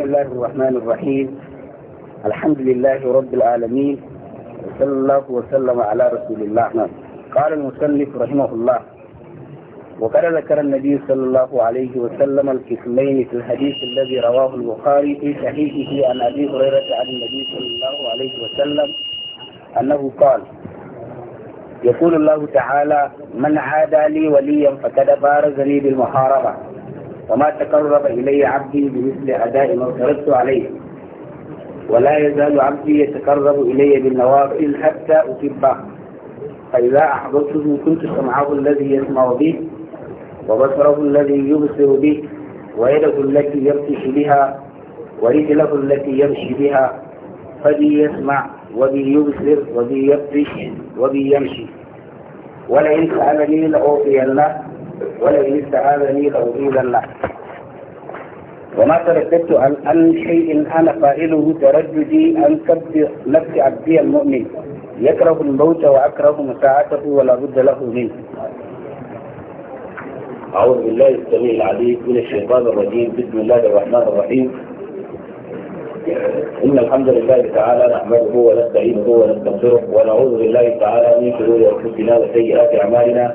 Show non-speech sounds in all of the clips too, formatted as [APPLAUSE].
بسم الله الرحمن الرحيم الحمد لله رب العالمين وصلى الله وسلم على رسول الله قال المسلف رحمه الله وقد ذكر النبي صلى الله عليه وسلم القسمين في الحديث الذي رواه البخاري في صحيحه عن ابي هريره عن النبي صلى الله عليه وسلم انه قال يقول الله تعالى من عادى لي وليا فقد بارزني بالمحاربه وما تقرب إلي عبدي بمثل أداء ما افترضت عليه ولا يزال عبدي يتقرب إلي بالنوافل حتى أحبه فإذا أحببته كنت سمعه الذي يسمع به وبصره الذي يبصر به ويده التي يبطش بها ورجله التي يمشي بها فبي يسمع وبي يبصر وبي يبطش وبي يمشي ولئن سألني لأعطينه ولئن استعاذني لأزيدن له وما ترددت عن أن شيء أنا قائله ترددي أن كبد نفس عبدي المؤمن يكره الموت وأكره مساعته ولا بد له منه أعوذ بالله السميع العليم من الشيطان الرجيم بسم الله الرحمن الرحيم إن الحمد لله تعالى نحمده ونستعينه ونستغفره ونعوذ بالله تعالى من شرور أنفسنا وسيئات أعمالنا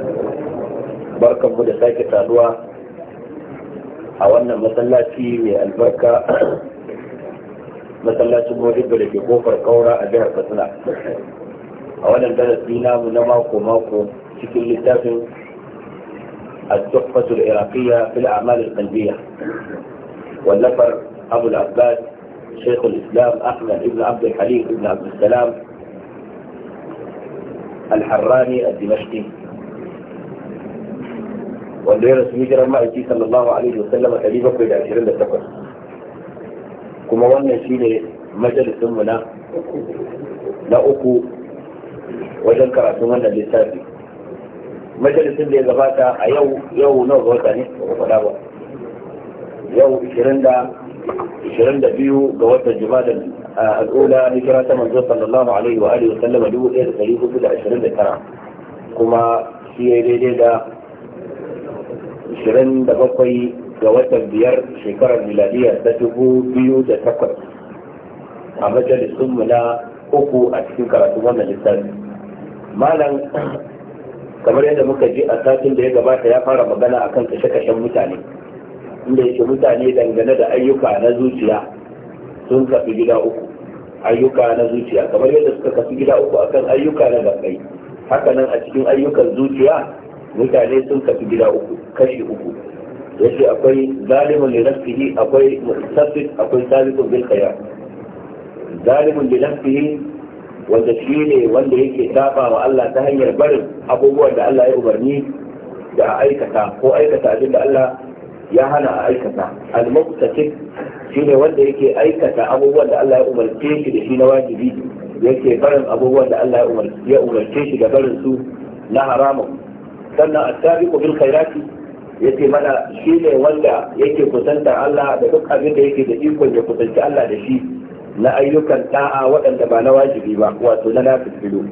barkan mu da sake saduwa a wannan masallaci mai albarka masallacin muhibba da ke kofar kaura a jihar katsina a wannan darasi namu na mako mako cikin littafin a التحفة العراقية في الأعمال القلبية والنفر أبو العباس شيخ الإسلام أحمد بن عبد الحليم بن عبد السلام الحراني الدمشقي wanda ya rasu hijirar ma'aiki sallallahu alaihi wa sallama ɗari bakwai da ashirin da takwas kuma wannan shi ne majalisinmu na na uku wajen karatun wannan littafi majalisin da ya gabata a yau yau nawa ga wata ne ba faɗa ba yau ishirin da ishirin da biyu ga watan jima'a al'ula hijira ta manzo sallallahu alaihi wa alihi wa sallama dubu ɗaya da ɗari hudu da ashirin da tara kuma shi ya daidai da ashirin da bakwai ga watan biyar shekarar miladiya ta dubu biyu da takwas a majalisunmu na uku a cikin karatu wannan lissafi malam kamar yadda muka ji a satin da ya gabata ya fara magana a kan kashe-kashen mutane inda yake mutane dangane da ayyuka na zuciya sun kafi gida uku ayyuka na zuciya kamar yadda suka kafi gida uku akan ayyuka na gabai hakanan a cikin ayyukan zuciya mutane sun kafi gida uku kashi uku yace akwai zalimun li nafsihi akwai mustasid akwai sabiqun bil khayr zalimun li nafsihi wanda shi ne wanda yake saba wa Allah ta hanyar barin abubuwan da Allah ya umarni da a aikata ko aikata abin da Allah ya hana a aikata al-muqtasid shine wanda yake aikata abubuwan da Allah ya umarce shi da shi na wajibi yake barin abubuwan da Allah ya umarce shi da barin su na haramun sannan attabiqu bil khairati yace mana shi ne wanda yake kusanta Allah da duk abin da yake da ikon ya kusanci Allah da shi na ayyukan da'a waɗanda ba na wajibi ba wato na nafilu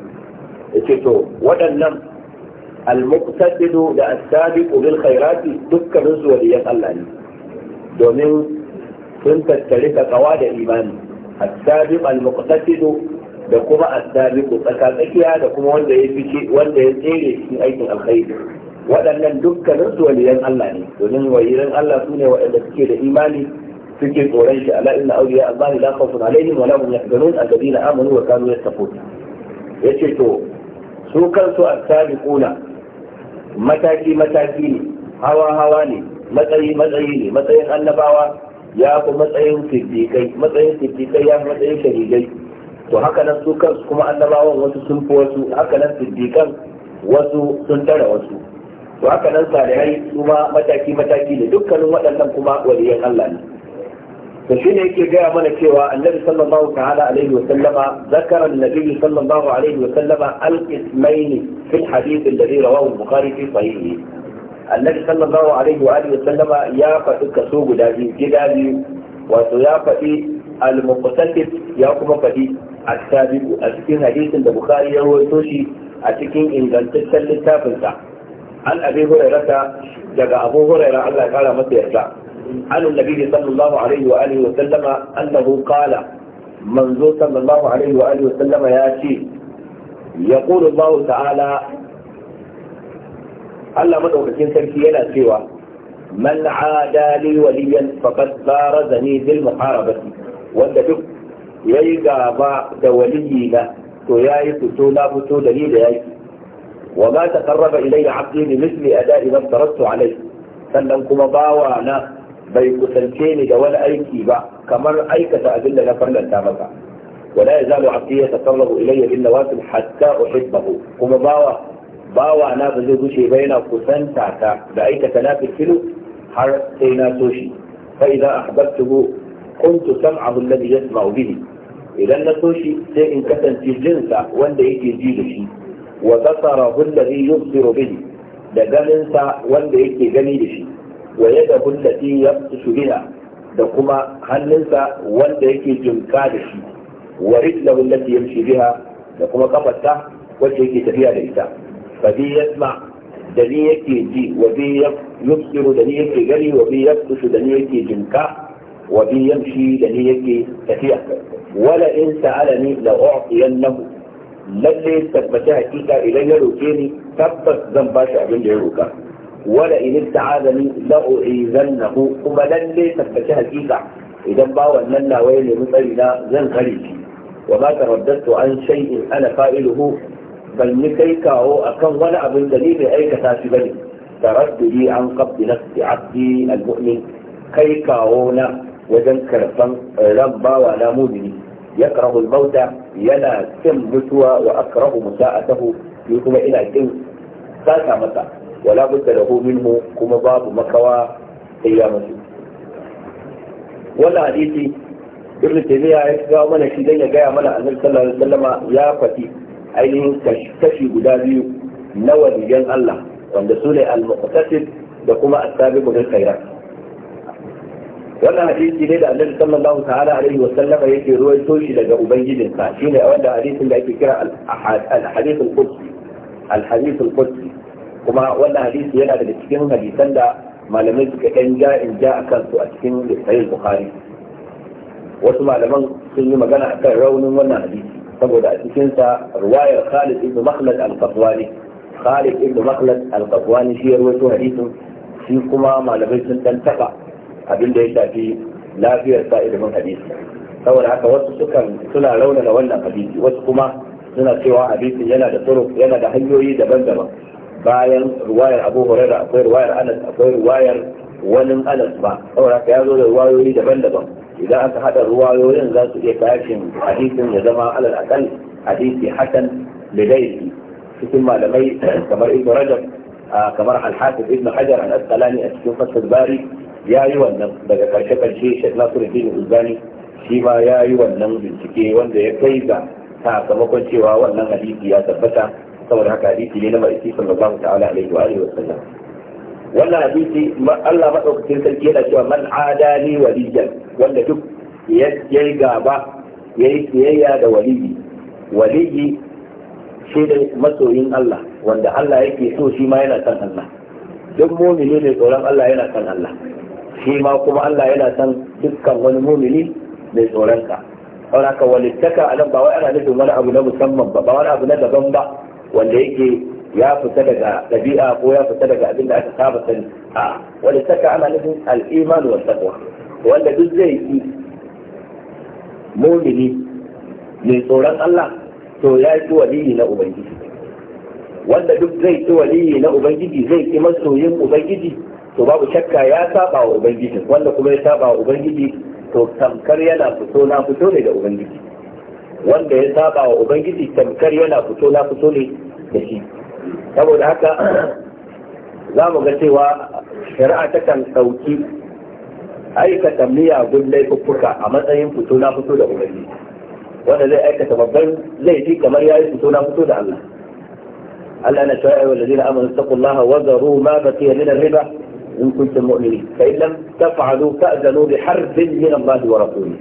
yace to waɗannan al-muqtadidu da as-sabiqu bil khairati dukkanin su waliyan Allah ne domin sun tattare kawa da imani as al-muqtadidu da kuma as tsaka tsakatsakiya da kuma wanda ya fice wanda ya tsere cikin aikin alkhairi waɗannan dukkanin su waliyan Allah ne domin waliyan Allah su ne waɗanda suke da imani suke tsoron shi ala inna awliya Allah la khawfun alaihim wa la yahzanun alladheena amanu wa kanu yattaqun yace to su kansu as-sabiquna mataki mataki ne hawa hawa ne matsayi matsayi ne matsayin annabawa ya fi matsayin siddiƙai matsayin siddiƙai ya fi matsayin shahidai to haka nan su kansu kuma annabawan wasu sun fi wasu haka nan siddiqan wasu sun tara wasu to haka nan salihai su ma mataki mataki ne dukkanin waɗannan kuma waliyan Allah ne to shine yake gaya mana cewa annabi sallallahu ta'ala alaihi wa sallama zakara annabi sallallahu alaihi wa sallama al-ismaini fi al-hadith alladhi rawahu al-bukhari fi sahihi annabi sallallahu alaihi wa alihi wa sallama ya faɗi kaso guda biyu gida biyu wato ya faɗi al-muqtasid ya kuma faɗi as a cikin hadisin da bukhari ya rawaito shi a cikin ingantaccen littafinsa. sa an abi hurairata daga abu hurairah Allah ya kara masa yarda an annabi sallallahu alaihi wa alihi wa sallama annahu qala manzo sallallahu alaihi wa alihi wa sallama ya ce yaqulu Allah ta'ala Allah madaukakin sarki yana cewa man aada li waliyan faqad barazani bil muharabati wanda duk ya yi gaba da waliyi na to ya yi fito na fito da ni da yaki wa ma ta karraba ilai da abdi bi misli a da'i man tarattu alai sannan kuma bawa na bai kusance ni da wani aiki ba kamar aikata abin da na farlanta maka ولا يزال عبدي يتقرب الي kuma حتى احبه na ba zai انا ba غشي بين كسنتا da ايكا تنافل fitilu har sai na so shi fa idan ahbabtuhu kuntu sam'ahu alladhi yasma'u bihi idan na so shi sai in kasance jinsa wanda yake ji da shi wa basarahu alladhi yubsiru bihi da ganinsa wanda yake gani da shi wa yadahu allati yabtashu biha da kuma hannunsa wanda yake jinka da shi wa rijlahu allati yamshi biha da kuma kafarta wacce yake tafiya da ita da ni yake ji wa da ni yake gani wa da ni yake jinka wa shi yamshi da ni yake tafiya wala in sa'alani la u'tiyannahu lalle tabbata hakika idan ya roke ni tabbas zan ba shi abin ya roka wala in sa'alani la u'izannahu kuma lalle tabbata hakika idan ba nan nawaye ne nemi tsarina zan kare shi wa ma taraddatu an shay'in ana fa'iluhu ban yi kai kawo kan wani abin da ni bai aikata shi bane taraddudi an qabdi nafsi abdi al-mu'min kai kawo na wajen karban eh, ran bawa na mumini ya karahu bauta yana kin mutuwa wa akrahu musa'atahu ni kuma ina kin saka masa wala budda lahu minhu kuma babu makawa sai ya mutu wannan hadisi ibn taymiya ya kawo mana shi dan ya gaya mana annabi sallallahu alaihi wasallama ya fati ainihin kashi guda biyu na waliyan Allah wanda su ne al-muqtasid da kuma as-sabiqu bil khairat wannan hadisi ne da annabi sallallahu ta'ala alaihi wa sallama yake ruwaito toshi daga ubangijinsa shine wanda hadisin da ake kira al-hadith al-qudsi al-hadith al-qudsi kuma wannan hadisi yana daga cikin hadisan da malamai suka ɗan ja in ja a kansu a cikin sahih bukhari wasu malaman sun yi magana akan raunin wannan hadisi saboda a cikin sa ruwayar Khalid ibn Makhlad al-Qaswani Khalid ibn Makhlad al-Qaswani shi ya rawaito hadisin shi kuma malamai sun dan taba Abinda ya shafi lafiyar sa hadisi saboda haka wasu sukan suna raunana wannan hadisi wasu kuma suna cewa hadisi yana da turuk yana da hanyoyi daban-daban bayan ruwayar abu huraira akwai ruwayar anas akwai ruwayar wani anas ba saboda haka ya zo da ruwayoyi daban-daban idan aka haɗa ruwayoyin za su iya tashin hadisin ya zama alal akal hadisi hasan lidaihi cikin malamai kamar ibn rajab kamar al-hafiz ibn hajar al-asqalani a cikin fasul bari ya yi wannan daga karshe karshe shek nasiruddin uzani shi ma ya yi wannan bincike wanda ya kai ga sakamakon cewa wannan hadisi ya tabbata saboda haka hadisi ne na ma'aiki sallallahu ta'ala alaihi wa alihi wasallam wannan hadisi Allah madaukakin sarki yana cewa man adani waliyan wanda duk ya yi gaba ya yi siyayya da waliyi waliyi shi da masoyin Allah wanda Allah yake so shi ma yana san Allah duk mumini ne tsoron Allah yana san Allah shi ma kuma Allah yana san dukkan wani mumini mai tsoron ka haka wani walittaka a nan ba wai ana nufin wani abu na musamman ba ba wani abu na daban ba wanda yake ya fita daga ɗabi'a ko ya fita daga abin da aka saba sani a walittaka ana nufin al'iman wa taqwa wanda duk zai yi mumini mai tsoron Allah to ya yi waliyi na ubangiji wanda duk zai ci waliyi na ubangiji zai ki masoyin ubangiji to babu shakka ya saba wa ubangiji wanda kuma ya saba wa ubangiji to tamkar yana fito na fito ne da ubangiji wanda ya saba wa ubangiji tamkar yana fito na fito ne da shi saboda haka [CLEARS THROAT] za mu ga cewa shari'a ta kan ɗauki aikata miyagun laifuffuka a matsayin fito na fito da ubangiji wanda zai aikata babban laifi kamar ya yi fito na fito da Allah Allah na cewa ayyuhal zina amanu taqullaha wa zaru ma baqiya min riba إن كنتم مؤمنين فإن لم تفعلوا فأذنوا بحرب من الله ورسوله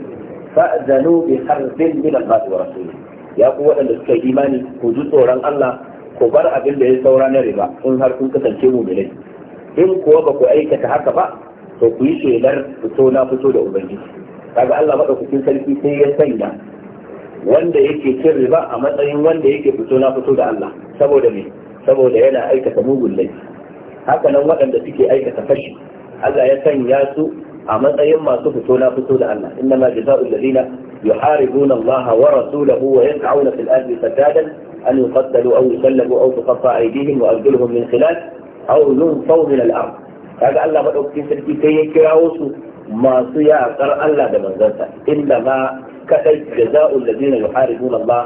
فأذنوا بحرب من الله ورسوله يا قوة الإسكي إيماني وجود أوران الله كبر أبن به سوران ربا إن هر كنت تنشيبوا منه إن كوا بكو أيك تحكى بقى فكوي شيلر فتونا فتونا أبنجي kaga Allah madaukakin sarki sai ya sanya wanda yake cin riba a matsayin wanda yake fito na fito da Allah saboda me saboda yana aikata mugun laifi haka nan waɗanda suke aikata fashi Allah ya sanya su a matsayin masu fito na fito da Allah inna ma jazaa'ul ladina yuharibuna Allah wa rasulahu wa yas'una fil ardi fasadan an yuqaddalu aw yusallabu aw tuqatta aydihim wa arjuluhum min khilal aw yunfaw min al-ard kaga Allah madaukakin sarki sai ya kirawo su masu yaƙar Allah da manzansa inda ma kadai jaza'ul ladina yuharibuna Allah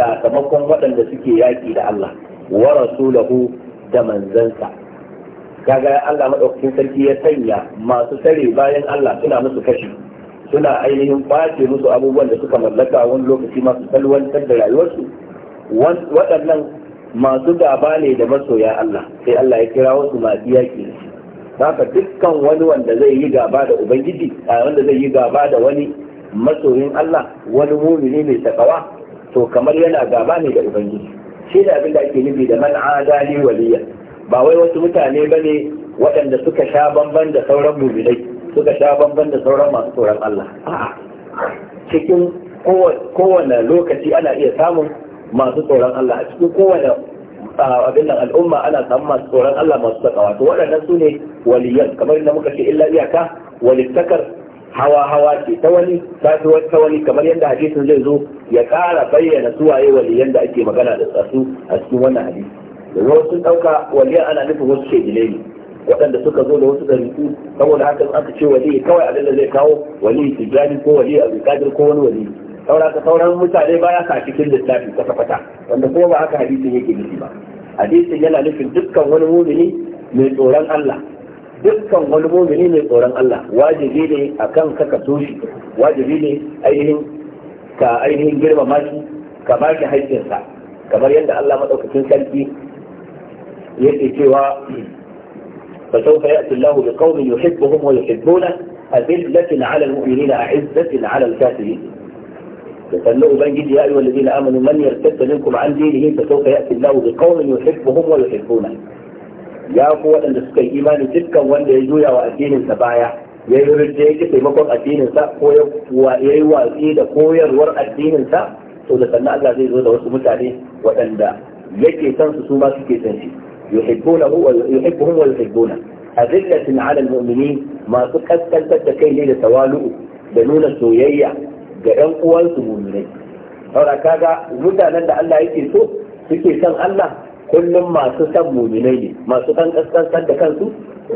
sakamakon waɗanda suke yaƙi da Allah wa rasulahu da manzansa kaga Allah madaukakin sarki ya sanya masu tare bayan Allah suna musu kashi suna ainihin ɓace musu abubuwan da suka mallaka wani lokaci masu salwantar da rayuwarsu waɗannan masu gaba ne da masoya Allah sai Allah ya kira wasu masu yaƙi haka dukkan wani wanda zai yi gaba da ubangiji a wanda zai yi gaba da wani masoyin Allah wani mumini mai takawa to kamar yana gaba ne da ubangiji shi da abin da ake nufi da man adali waliya ba wai wasu mutane ba ne waɗanda suka sha bamban da sauran muminai suka sha bamban da sauran masu tsoron Allah cikin kowane lokaci ana iya samun masu tsoron Allah a cikin kowane abin nan al'umma ana samun masu tsoron Allah masu takawa to waɗannan su ne waliyan kamar yadda muka ce illa iyaka walittakar hawa hawa ce ta wani ta ta wani kamar yadda hadisin zai zo ya ƙara bayyana suwaye waliyan da ake magana da su a cikin wannan hadisi da wasu sun ɗauka waliyan ana nufin wasu shehilai ne waɗanda suka zo da wasu ɗariku saboda haka in aka ce wali kawai abin da zai kawo wali tijjani ko wali abdulkadir ko wani wali sauran ka sauran mutane baya ka cikin lissafi kwata kwata wanda kuma ba haka hadisin yake nufi ba hadisin yana nufin dukkan wani mumini mai tsoron Allah dukkan wani mumini mai tsoron Allah wajibi ne akan ka ka wajibi ne ainihin ka ainihin girmama shi ka ba shi haƙƙinsa kamar yadda Allah maɗaukacin sarki yake cewa fa sawfa ya'ti Allahu bi qaumin yuhibbuhum wa yuhibbuna adillatin 'ala al-mu'minina a'izzatin 'ala al-kafirin فقالوا أبنجد يا أيها الذين آمنوا من يرتد منكم عن دينه فسوف يأتي الله بقوم يحبهم ويحبونه يا قوة أن تسكي إيماني تلك وأن يجويا وأدين السبايا ya yi rinta ya ki taimakon addininsa ko ya yi watsi da koyarwar addininsa to da sannan Allah zai zo da wasu mutane waɗanda yake san su su ma suke san shi يحبونه ويحبهم ويحبونه أذلة على المؤمنين ما تكتل تتكي لي لتوالؤ دنون سويية جئن قوانس مؤمنين هنا كاقا مدانا لألا يكي سوء يكي سن الله كل ما تسمى مؤمنين ما تكتل تتكي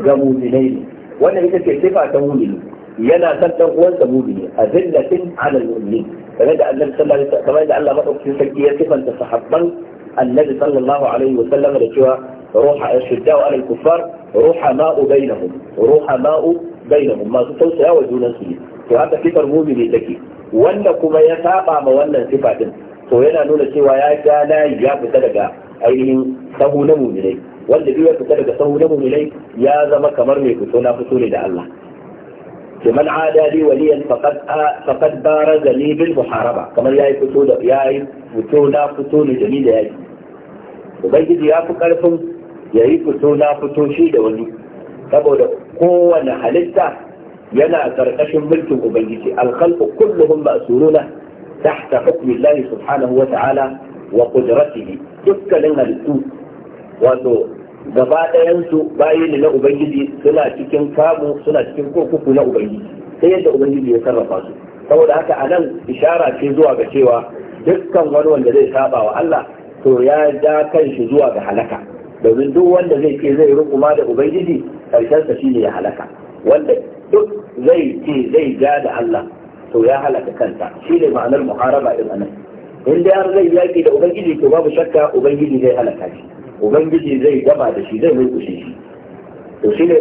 ga muminai ne wannan ita ce sifa ta mumini yana san dan uwansa mumini a zillatin ala al-mu'min kamar da Allah sallallahu alaihi wasallam kamar da Allah sarki ya sifanta sahabban annabi sallallahu alaihi wa sallam da cewa ruha ashidda ala al-kuffar ruha ma'u bainahum ruha ma'u bainahum masu tausaya wa junan su to haka sifar mu'mini take wanda kuma ya saba ma wannan sifa din to yana nuna cewa ya ga layi ya fita daga ainihin sahu na mu'minai wanda iya ya fita daga sahu na mu'minai ya zama kamar mai fito na fito ne da Allah لمن عادى لي وليا فقد آه فقد بارز لي بالمحاربه كما ياي فتو fito فتو لا فتو جميل ubangiji ya fi karfin ya yi fito na fito shi da wani saboda kowane halitta yana karkashin mulkin ubangiji alkhalqu kulluhum ma'suruna tahta hukmi Allah subhanahu wa ta'ala wa qudratihi dukkanin halittu wato gaba ɗayan su na ubangiji suna cikin kamu suna cikin kurkuku na ubangiji sai yadda ubangiji ya sarrafa su saboda haka anan ishara ce zuwa ga cewa dukkan wani wanda zai saba wa Allah to ya ja kan shi zuwa ga halaka domin duk wanda zai ce zai rukuma da ubangiji karshensa shine ya halaka wanda duk zai ce zai ja da Allah to ya halaka kansa shine ma'anar muharaba din anan in dai har zai yaki da ubangiji to babu shakka ubangiji zai halaka shi ubangiji zai gaba da shi zai murkushe shi to shine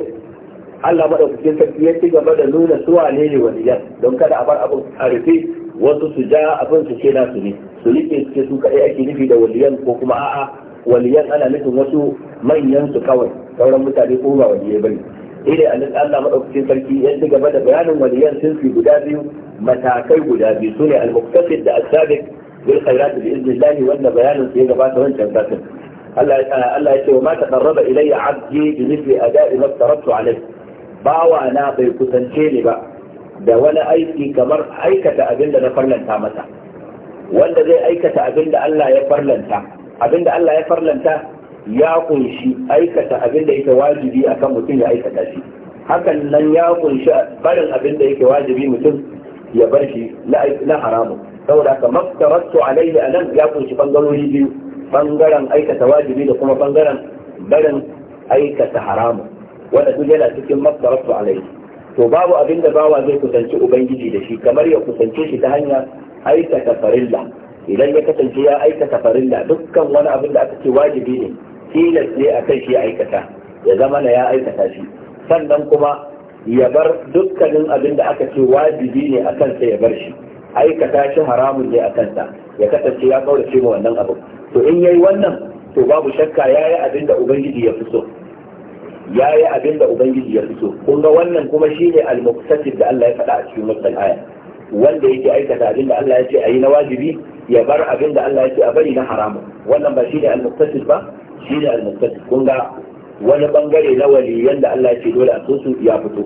Allah madaukakin sarki ya ci gaba da nuna suwa ne ne waliyan don kada a bar abin a rufe wasu su ja abin su ce nasu ne su rike su su kaɗai ake nufi da waliyan ko kuma a'a waliyan ana nufin wasu manyan su kawai sauran mutane ko ba waliyai bane ile annabi Allah madaukakin sarki ya ci gaba da bayanin waliyan sun fi guda biyu matakai guda biyu sune al-muqtasid da as-sabiq bil khairat bi idnillah wanda bayanin su ya gabata wancan satin Allah ya ce wa ma taqarraba ilayya 'abdi bi mithli ada'i ma tarattu alayhi bawa na bai kusance ni ba da wani aiki kamar aikata abin da na farlanta masa wanda zai aikata abin da Allah ya farlanta abin da Allah ya farlanta ya kunshi aikata abin da yake wajibi akan mutum ya aikata shi hakan nan ya kunshi barin abin da yake wajibi mutum ya bar shi na haramu. saboda haka maftaratu alaihi anan ya kunshi bangarori biyu bangaren aikata wajibi da kuma bangaren barin aikata haramu. wanda duk yana cikin maftaratu alaihi to babu abin da bawa zai kusanci ubangiji da shi kamar ya kusance shi ta hanya aikata farilla idan ya kasance ya aikata farilla dukkan wani abin da aka ce wajibi ne tilas ne a kai shi aikata ya zama na ya aikata shi sannan kuma ya bar dukkanin abin da aka ce wajibi ne a kansa ya bar shi aikata shi haramun ne a kansa ya kasance ya kaurace ma wannan abin to in yayi wannan to babu shakka yayi abin da ubangiji ya fi so ya yi abin da Ubangiji ya fi so. Kun ga wannan kuma shi ne al da Allah ya faɗa a cikin wannan aya. wanda yake aikata abin da Allah ya ce a yi na wajibi ya bar abin da Allah ya ce a bari na haramu wannan ba shi ne al-muqtasid ba shi ne al-muqtasid kun ga wani bangare na waliyan da Allah ya ce dole a so su ya fito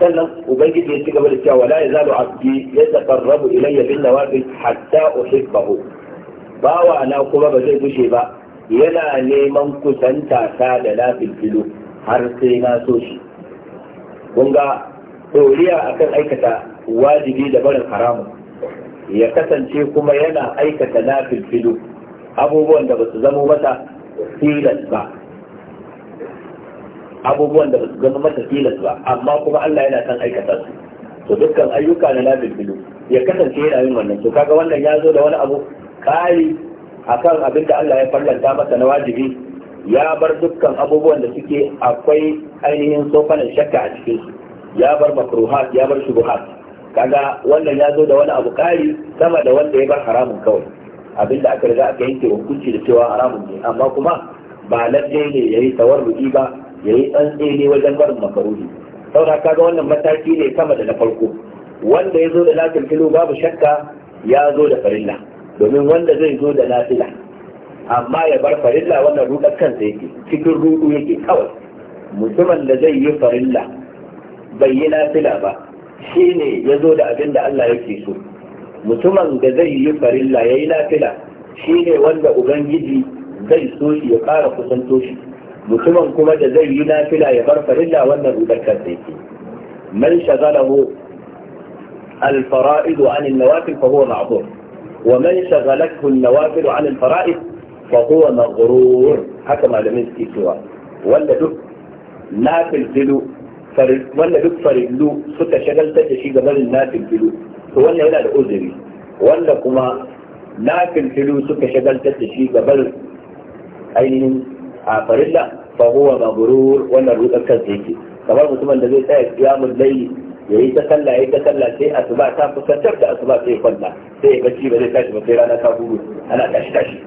sannan ubangiji ya ci gaba da cewa wala yazalu abdi yataqarrabu ilayya bin nawafil hatta uhibbahu bawa na kuma ba zai gushe ba yana neman kusanta ta da lafil filo har sai na so shi kun ga ɗoriya akan aikata wajibi da barin haramu ya kasance kuma yana aikata na filfilu abubuwan da ba su zama mata tilas ba abubuwan da ba su zama mata tilas ba amma kuma Allah yana son aikata su to dukkan ayyuka na nafil filu ya kasance yana yin wannan to kaga wannan ya zo da wani abu kai akan abin da Allah ya farlanta masa na wajibi ya bar dukkan abubuwan da suke akwai ainihin sofanin shakka a cikin su ya bar makruhat ya bar shubuhat kaga wannan ya zo da wani abu kari sama da wanda ya bar haramun kawai abinda aka riga aka yanke hukunci da cewa haramun ne amma kuma ba lalle ne yayi tawarrudi ba yayi ɗan ne wajen barin makruhi saboda kaga wannan mataki ne sama da na farko wanda ya zo da lafil kilo babu shakka ya zo da farilla domin wanda zai zo da lafila amma ya bar farilla wannan rudar kansa yake cikin rudu yake kawai mutumin da zai yi farilla bai yi nafila ba shi ne ya zo da abin da Allah yake so mutumin da zai yi farilla ya yi nafila shi ne wanda ubangiji zai so shi ya ƙara kusanto shi mutumin kuma da zai yi nafila ya bar farilla wannan rudar kansa yake man shagalahu الفرائض عن النوافل فهو معذور ومن شغلته النوافل عن الفرائض فهو مغرور حكم على منسكي سوى ولا دك نافل فلو wanda duk farillu suka shagaltar da shi ga barin nafin filu to wannan yana da uzuri wanda kuma nafin filu suka shagaltar da shi ga barin ainihin a farilla fa huwa mabrur wannan kan kansa yake kamar mutumin da zai tsaya kiyamul layli ya yi ta sallah ya yi ta sallah sai asuba ta fuskantar da asuba sai ya sai ya bacci ba zai tashi ba sai rana ta gudu ana tashi tashi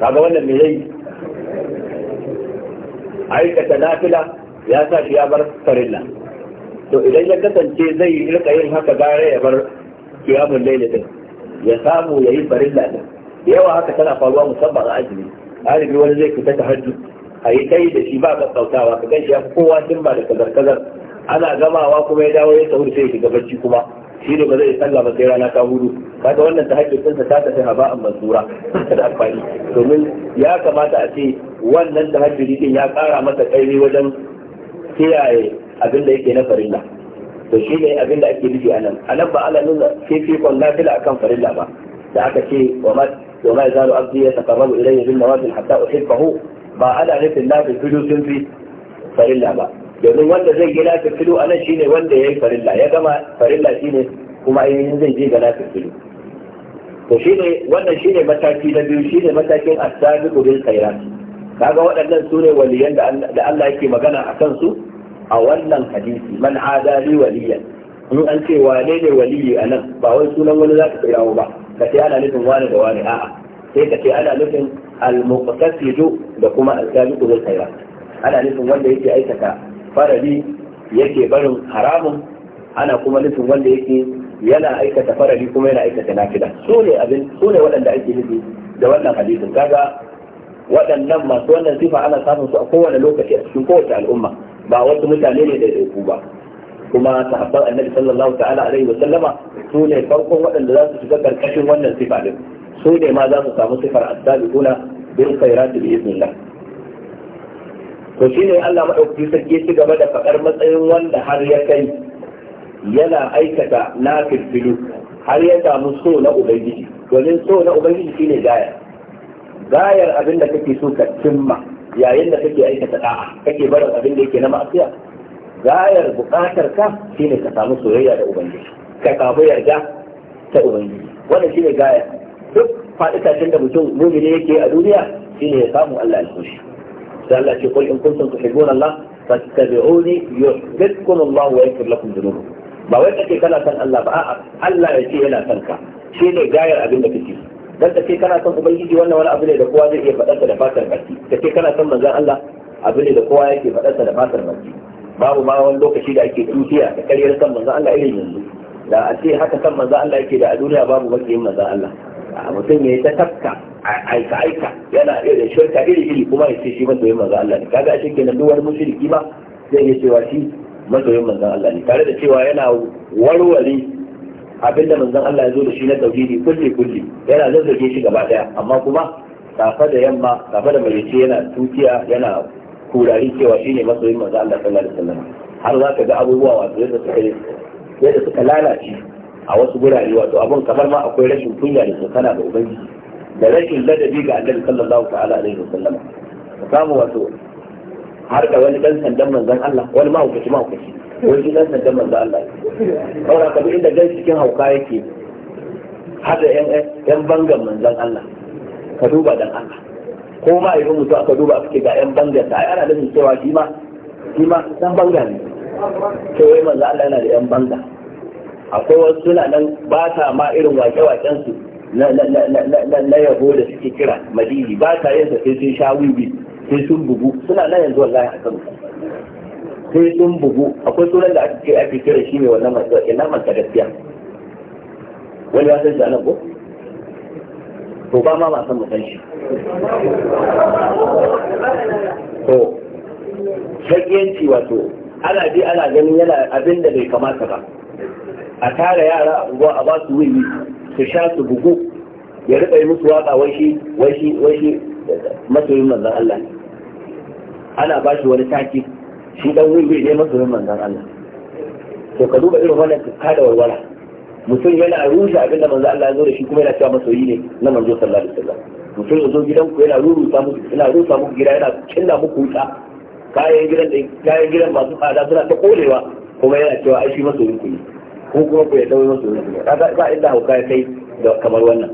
kaga wannan me yayi aikata nafila ya sa shi ya bar farilla to idan ya kasance zai rika yin haka gare ya bar kiyamun laili ya samu ya yi farilla din yawa haka tana faruwa musamman a azumi galibi wani zai fita ta hajji a yi kai da shi ba tsautawa ka gan shi ya kowa tun ba da kazar-kazar ana gamawa kuma ya dawo ya sauri sai ya shiga kuma shi ne ba zai sallah ba sai rana ta hudu kaga wannan ta hakkin sun ta tafi haba an mansura da amfani domin ya kamata a ce wannan ta hakkin din ya kara masa kaimi wajen kiyaye abin da yake na farilla to shi ne abin da ake nufi a nan a nan ba ana nuna fifikon nafila akan farilla ba da aka ce wa ma ya zalo abdi ya takarrabu ilayya bin nawafil hatta uhibbahu ba ana nufin nafil filu sun fi farilla ba domin wanda zai yi nafil filu a nan shine wanda ya yi farilla ya gama farilla shine kuma ainihin zai je ga nafil filu to shi ne wannan shi ne mataki na biyu Shi ne matakin asabiqu bil khairat kaga waɗannan sune waliyan da Allah yake magana a akan su a wannan hadisi man adali waliyan in an ce wane ne waliyi a nan ba wai sunan wani za ka kirawo ba ka ce ana nufin wani da wani a'a sai ka ce ana nufin al-muqtasidu da kuma al-sabiqu bil khairat ana nufin wanda yake aikata farali yake barin haramun ana kuma nufin wanda yake yana aikata farali kuma yana aikata nafila su ne abin su ne waɗanda ake nufi da wannan hadisin kaga waɗannan masu wannan sifa ana samun su a kowane lokaci a cikin kowace al'umma ba wasu mutane ne da ku ba kuma sahabban annabi sallallahu ta'ala alaihi wa sallama su ne farkon waɗanda za su shiga karkashin wannan sifa din su ne ma za su samu sifar as kuna, bin khairat bi idnillah to shine Allah madaukaki sarki ya ci gaba da faɗar matsayin wanda har ya kai yana aikata nafilfilu har ya samu so na ubangiji domin so na ubangiji shine gaya gayar abin da kake so ka cimma yayin da kake aikata da'a kake barin abin da yake na ma'asiya gayar buƙatar ka shine ka samu soyayya da ubangiji ka samu yarda ta ubangiji wannan shine gayar duk faɗi tashin da mutum mumini yake a duniya shine ya samu Allah ya kushi sai Allah ce kul in kuntum tuhibbuna Allah fattabi'uni yuhibbukum Allah wa yaghfir lakum dhunubakum ba wai kake kana san Allah ba a'a Allah ya ce yana san ka shine gayar abin da kake dan ta ce kana son ubangiji wannan wani abu ne da kowa zai iya faɗarsa da fatar baki ta ce kana son manzon Allah abu ne da kowa yake faɗarsa da fatar baki babu ma wani lokaci da ake tutiya da karyar san manzon Allah irin yanzu da a ce haka san manzon Allah yake da a duniya babu yin manzon Allah a mutum ya yi ta tafka aika aika yana da shirka iri iri kuma ya ce shi yin manzon Allah ne kaga a kenan duk wani mushriki ma, zai iya cewa shi yin manzon Allah ne tare da cewa yana warware abinda manzon Allah ya zo da shi na tauhidi kulli kulli yana zazzage shi gaba daya amma kuma safa da yamma safa da marici yana tukiya yana kurari cewa shine masoyin manzon Allah sallallahu alaihi wasallam har za ka ga abubuwa wato yadda suka yadda suka lalace a wasu gurare wato abun kamar ma akwai rashin kunya da tsokana ga ubangiji da rashin ladabi ga annabi sallallahu ta'ala alaihi wasallam samu wato har da wani dan sandan manzon Allah wani ma hukaci ma wajen nan dan da manzo Allah kawai ka bi inda gan cikin hauka yake hada yan yan bangan manzan Allah ka duba dan Allah ko ma yi mutu aka duba a ce ga yan bangan ta ai ana da cewa shi ma shi ma dan banga ne to wai manzo Allah yana da yan banga akwai wasu suna nan ba ta ma irin wake-waken su na yabo da suke kira madini ba ta yin sai sun sha wiwi sai sun bugu suna nan yanzu wallahi a kan sai sun bugu akwai sunan da ake ake kira shi ne wannan masu ina manta gaskiya wani wasan shi anan ko to ba ma ba san mutan shi to shakiyanci wato ana bi ana ganin yana abin da bai kamata ba a tara yara a unguwa a ba su su sha su bugu ya riƙa yi musu waƙa washi washi washi masoyin manzon Allah ana ba shi wani taki shi dan wuri ne yin manzan Allah to ka duba irin wannan tuka da warwara mutum yana rushe abinda manzan Allah ya zo da shi kuma yana cewa masoyi ne na manzo sallallahu alaihi wasallam mutum ya zo gidanku yana rurusa muku yana rusa muku gida yana killa muku wuta kayan gidan da kayan gidan masu tsada suna ta kolewa kuma yana cewa ai shi masoyin ku ne ko kuma ku ya dawo masoyin ku ne kaga ba inda hauka ya kai da kamar wannan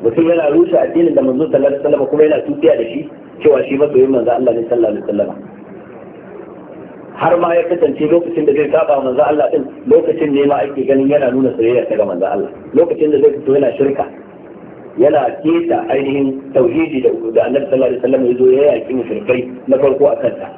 mutum yana rushe addinin da manzo sallallahu alaihi wasallam kuma yana tukiya da shi cewa shi masoyin manzo Allah ne sallallahu alaihi wasallam har ma ya kasance lokacin da zai saba manzo Allah din lokacin ne ma ake ganin yana nuna soyayya ta ga manzo Allah lokacin da zai fito yana shirka yana keta ainihin tauhidi da da Annabi sallallahu alaihi wasallam ya zo ya yaki mushrikai na farko a kanta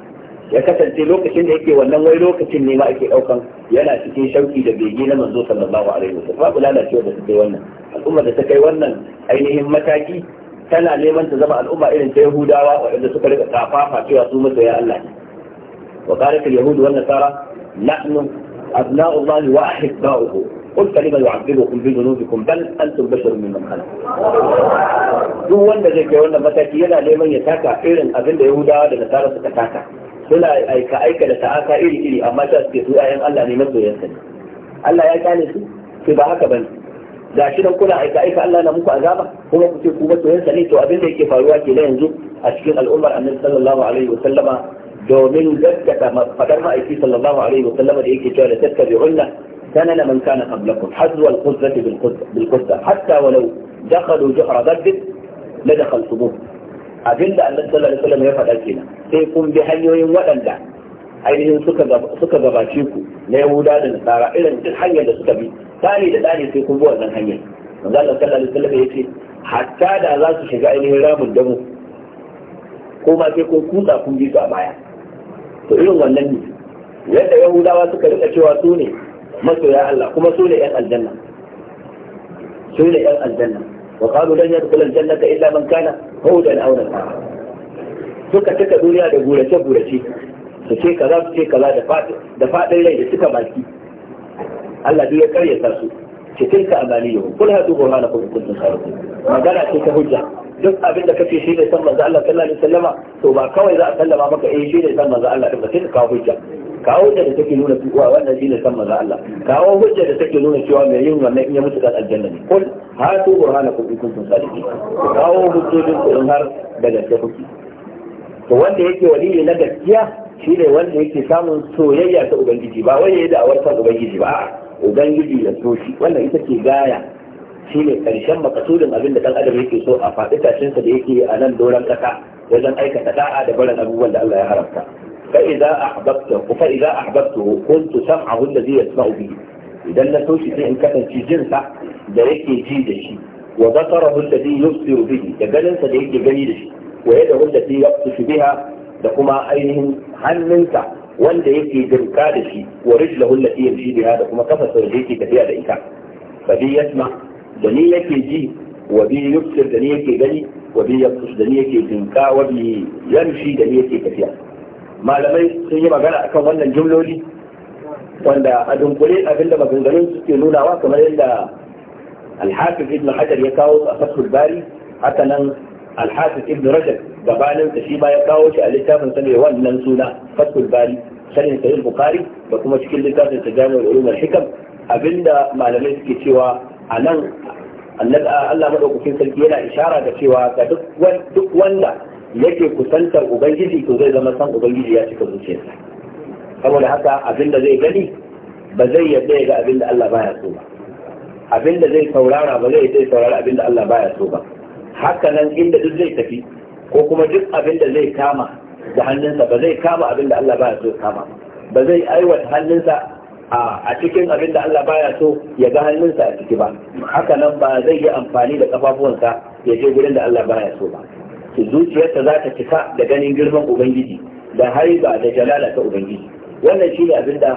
ya kasance lokacin da yake wannan wai lokacin ne ma ake daukan yana cikin shauki da bege na manzo sallallahu alaihi wasallam babu lalacewa da take wannan al'umma da ta kai wannan ainihin mataki tana neman ta zama al'umma irin ta Yahudawa waɗanda suka rika kafafa cewa su masoya Allah ne وقالت اليهود والنصارى نحن أبناء الله وأحباؤه قل لما يعذبكم بذنوبكم بل أنتم بشر من خلق هو وانا زي كيوانا متاكينا لمن يتاكا إيرا أبن يهودا لنصارى ستكاكا سنة أيكا أيكا لتعاكا إيري إيري أما شاس كيسو أيام ألا نمزو يسن ألا يا كانسي في بعاكا بل da shi dan kula aika aika Allah na muku azaba kuma ku ce to yansa ne to abin da yake faruwa ke yanzu a cikin al'ummar Annabi sallallahu alaihi wa domin gaskata fadar ma'aiki sallallahu alaihi wa sallama da yake cewa da tattabi'unna sanana man kana qablakum hazwa al-qudrati bil qudda hatta walau dakhalu juhra dabbin la dakhaltumuh abinda annabi sallallahu alaihi wasallam ya faɗa kenan sai kun bi hanyoyin waɗanda ainihin suka gabace ku na yahuda da nasara irin duk hanyar da suka bi tsari da tsari sai kun bi wannan hanyar manzo Allah sallallahu alaihi wasallam yace hatta da za su shiga ainihin ramin damu ko ma sai kun kutsa kun bi su a baya to irin wannan ne yadda yahudawa suka rika cewa su ne masoya Allah kuma su ne yan aljanna su ne yan aljanna wa qalu lan yadkhul aljannata illa man kana hudan aw nasara suka cika duniya da gurace gurace su ce kaza su ce kaza da fadin rai da suka baki Allah duk ya karyata su ce tilka amaliyu kul hadu burhanakum in kuntum sadiqin magana ce ta hujja duk abin da kace shi ne san manzo Allah sallallahu alaihi wasallama to ba kawai za a sallama maka eh shi ne san manzo Allah din ba sai ka hujja kawo hujja da take nuna cewa wannan shi ne san manzo Allah kawo hujja da take nuna cewa mai yin wannan in ya mutu dan aljanna ne kul hadu burhanakum in kuntum sadiqin kawo hujjojin ku in har da gaske kuke to wanda yake ne na gaskiya shi ne wanda yake samun soyayya ta ubangiji ba wai ya yi da'awar san ubangiji ba ubangiji ya so shi wannan ita ce gaya shi ne karshen makasudin abin da dan adam yake so a faɗi tashinsa da yake a nan doron kasa wajen aikata da'a da barin abubuwan da Allah ya haramta fa idza ahbabtu fa idza ahbabtu kuntu sam'ahu alladhi yasma'u bihi idan na toshi shi sai in kasance jinsa da yake ji da shi wa basarahu alladhi yubsiru bihi da ganin sa da yake gani da shi wa yadahu allati yabtashu biha da kuma ainihin hannunsa wanda yake jinka da shi wa rijlahu allati yamshi biha da kuma kafa sa da yake tafiya da ita fa bi yasma da ni yake ji wa bi yubsir da ni yake gani wa bi yabtus da ni yake jinka wa bi yamshi da ni yake tafiya malamai sun yi magana akan wannan jumloli wanda a dunkule abinda maganganun suke nunawa kamar yadda alhafiz ibn hajar ya kawo a fathul bari haka alhafiz ibn rajab gabanin shi ba ya kawo shi a littafin sa mai wannan suna fatul bari sanin sahih bukhari da kuma cikin littafin sa jami'ul ulum hikam abinda malamai suke cewa a nan Allah madaukakin sarki yana ishara da cewa ga duk wanda yake kusantar ubangiji to zai zama san ubangiji ya cika zuciyarsa saboda haka abinda zai gani ba zai yadda ya ga abinda Allah baya so ba abinda zai saurara ba zai ya saurara abinda Allah baya so ba haka nan inda duk zai tafi ko kuma duk abin da zai kama da hannunsa ba zai kama abin da Allah baya so kama ba zai aiwata hannunsa a cikin abin da Allah baya so ya ga hannunsa a ciki ba haka nan ba zai yi amfani da kafafuwansa ya je gurin da Allah baya so ba zuciyarsa za ta cika da ganin girman ubangiji da haiba da jalala ta ubangiji wannan shine abin da